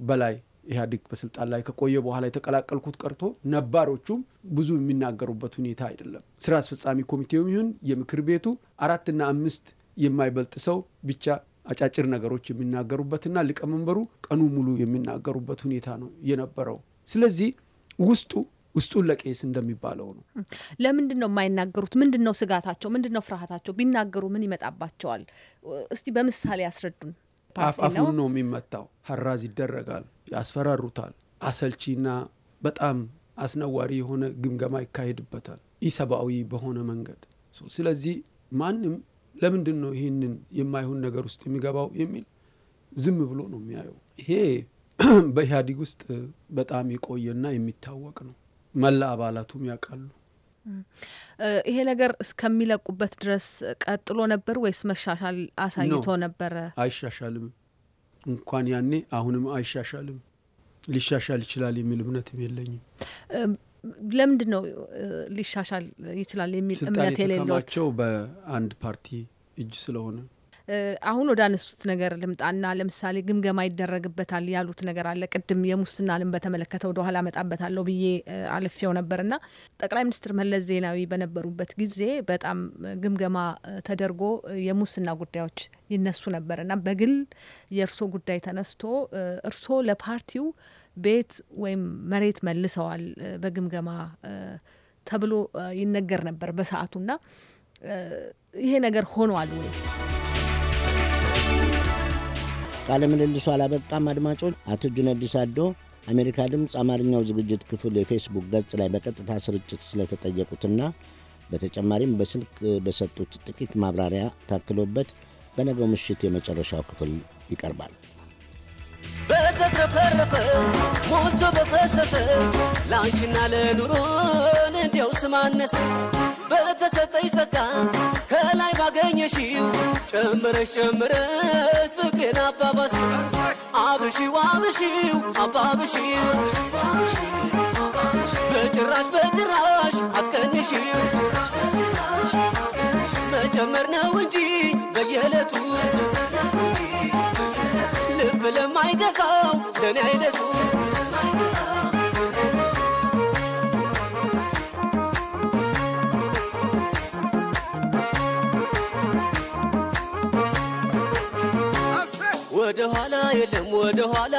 በላይ ኢህአዴግ በስልጣን ላይ ከቆየ በኋላ የተቀላቀልኩት ቀርቶ ነባሮቹም ብዙ የሚናገሩበት ሁኔታ አይደለም። ስራ አስፈጻሚ ኮሚቴውም ይሁን የምክር ቤቱ አራትና አምስት የማይበልጥ ሰው ብቻ አጫጭር ነገሮች የሚናገሩበትና ሊቀመንበሩ ቀኑ ሙሉ የሚናገሩበት ሁኔታ ነው የነበረው። ስለዚህ ውስጡ ውስጡን ለቄስ እንደሚባለው ነው። ለምንድን ነው የማይናገሩት? ምንድን ነው ስጋታቸው? ምንድን ነው ፍርሃታቸው? ቢናገሩ ምን ይመጣባቸዋል? እስቲ በምሳሌ ያስረዱን። አፉን ነው የሚመታው። ሀራዝ ይደረጋል፣ ያስፈራሩታል። አሰልቺና በጣም አስነዋሪ የሆነ ግምገማ ይካሄድበታል ኢሰብአዊ በሆነ መንገድ። ስለዚህ ማንም ለምንድን ነው ይህንን የማይሆን ነገር ውስጥ የሚገባው የሚል ዝም ብሎ ነው የሚያየው። ይሄ በኢህአዲግ ውስጥ በጣም የቆየና የሚታወቅ ነው። መላ አባላቱም ያውቃሉ። ይሄ ነገር እስከሚለቁበት ድረስ ቀጥሎ ነበር ወይስ መሻሻል አሳይቶ ነበረ? አይሻሻልም። እንኳን ያኔ አሁንም አይሻሻልም። ሊሻሻል ይችላል የሚል እምነትም የለኝም። ለምንድን ነው ሊሻሻል ይችላል የሚል እምነት የሌለቸው? በአንድ ፓርቲ እጅ ስለሆነ አሁን ወደ አነሱት ነገር ልምጣና ለምሳሌ ግምገማ ይደረግበታል ያሉት ነገር አለ። ቅድም ልም በተመለከተ ወደ ኋላ መጣበታለሁ ብዬ አልፌው ነበርና ጠቅላይ ሚኒስትር መለስ ዜናዊ በነበሩበት ጊዜ በጣም ግምገማ ተደርጎ የሙስና ጉዳዮች ይነሱ ነበርና በግል የእርሶ ጉዳይ ተነስቶ እርሶ ለፓርቲው ቤት ወይም መሬት መልሰዋል በግምገማ ተብሎ ይነገር ነበር በሰዓቱና ይሄ ነገር ሆኗል ወይ? ቃለ ምልልሱ አላበቃም። አድማጮች፣ አቶ ጁነዲ አዶ አሜሪካ ድምፅ አማርኛው ዝግጅት ክፍል የፌስቡክ ገጽ ላይ በቀጥታ ስርጭት ስለተጠየቁትና በተጨማሪም በስልክ በሰጡት ጥቂት ማብራሪያ ታክሎበት በነገው ምሽት የመጨረሻው ክፍል ይቀርባል። በተትረፈረፈ ሞልቶ በፈሰሰ ላንቺና ለኑሮን እንዲያው ስማነሰ በተሰጠኝ ጸጋ ከላይ ባገኘሽው ጨምረሽ ጨምረሽ ፍቅሬን አባባሽው አብሺው አብሺው አባብሺው በጭራሽ በጭራሽ አትቀንሺው መጨመር ነው እንጂ በየዕለቱ ለኔ አይነቱ ወደኋላ የለም ወደኋላ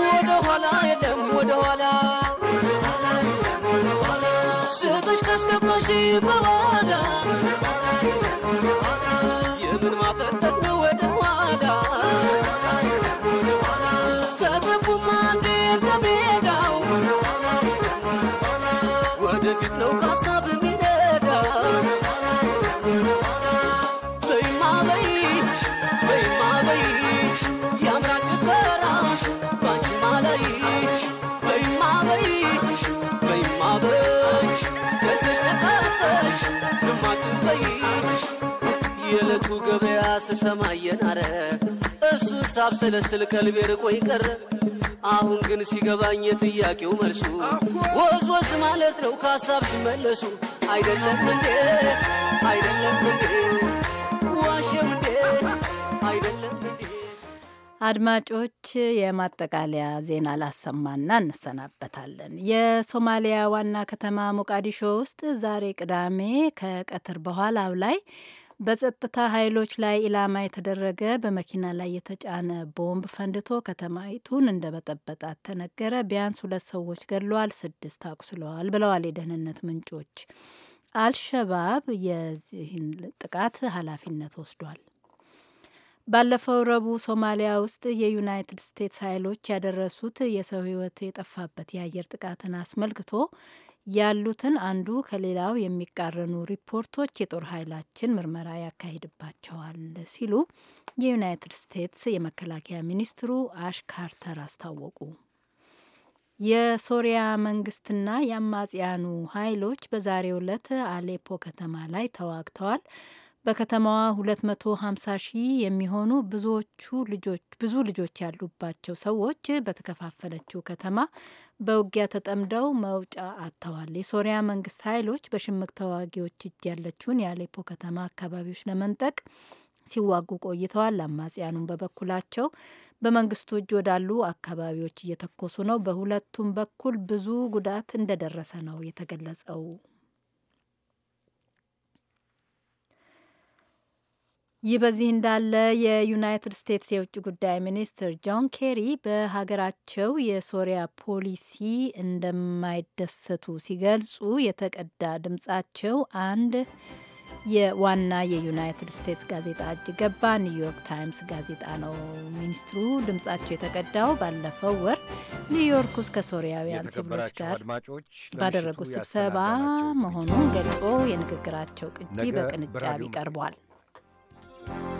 ወደኋላ የለም ወደኋላ ስምሽ ካስገባሽ በኋላ የምን ማፈት የዕለቱ ገበያ ስሰማ የናረ እሱን ሳብሰለስል ቀልቤ ርቆ ይቀረ። አሁን ግን ሲገባኝ የጥያቄው መልሱ ወዝ ወዝ ማለት ነው ከሀሳብ ሲመለሱ አይደለም እንዴ አይደለም እንዴ አድማጮች የማጠቃለያ ዜና ላሰማና እንሰናበታለን። የሶማሊያ ዋና ከተማ ሞቃዲሾ ውስጥ ዛሬ ቅዳሜ ከቀትር በኋላው ላይ በጸጥታ ኃይሎች ላይ ኢላማ የተደረገ በመኪና ላይ የተጫነ ቦምብ ፈንድቶ ከተማይቱን እንደ በጠበጣት ተነገረ። ቢያንስ ሁለት ሰዎች ገድለዋል፣ ስድስት አቁስለዋል ብለዋል የደህንነት ምንጮች። አልሸባብ የዚህን ጥቃት ኃላፊነት ወስዷል። ባለፈው ረቡዕ ሶማሊያ ውስጥ የዩናይትድ ስቴትስ ኃይሎች ያደረሱት የሰው ሕይወት የጠፋበት የአየር ጥቃትን አስመልክቶ ያሉትን አንዱ ከሌላው የሚቃረኑ ሪፖርቶች የጦር ኃይላችን ምርመራ ያካሂድባቸዋል ሲሉ የዩናይትድ ስቴትስ የመከላከያ ሚኒስትሩ አሽ ካርተር አስታወቁ። የሶሪያ መንግስትና የአማጽያኑ ኃይሎች በዛሬው ዕለት አሌፖ ከተማ ላይ ተዋግተዋል። በከተማዋ 250 ሺህ የሚሆኑ ብዙዎቹ ልጆች ብዙ ልጆች ያሉባቸው ሰዎች በተከፋፈለችው ከተማ በውጊያ ተጠምደው መውጫ አጥተዋል። የሶሪያ መንግስት ኃይሎች በሽምቅ ተዋጊዎች እጅ ያለችውን የአሌፖ ከተማ አካባቢዎች ለመንጠቅ ሲዋጉ ቆይተዋል። አማጽያኑን በበኩላቸው በመንግስቱ እጅ ወዳሉ አካባቢዎች እየተኮሱ ነው። በሁለቱም በኩል ብዙ ጉዳት እንደደረሰ ነው የተገለጸው። ይህ በዚህ እንዳለ የዩናይትድ ስቴትስ የውጭ ጉዳይ ሚኒስትር ጆን ኬሪ በሀገራቸው የሶሪያ ፖሊሲ እንደማይደሰቱ ሲገልጹ የተቀዳ ድምጻቸው አንድ የዋና የዩናይትድ ስቴትስ ጋዜጣ እጅ ገባ። ኒውዮርክ ታይምስ ጋዜጣ ነው። ሚኒስትሩ ድምጻቸው የተቀዳው ባለፈው ወር ኒውዮርክ ውስጥ ከሶሪያውያን ሲቪሎች ጋር ባደረጉት ስብሰባ መሆኑን ገልጾ የንግግራቸው ቅጂ በቅንጫቢ ቀርቧል። thank you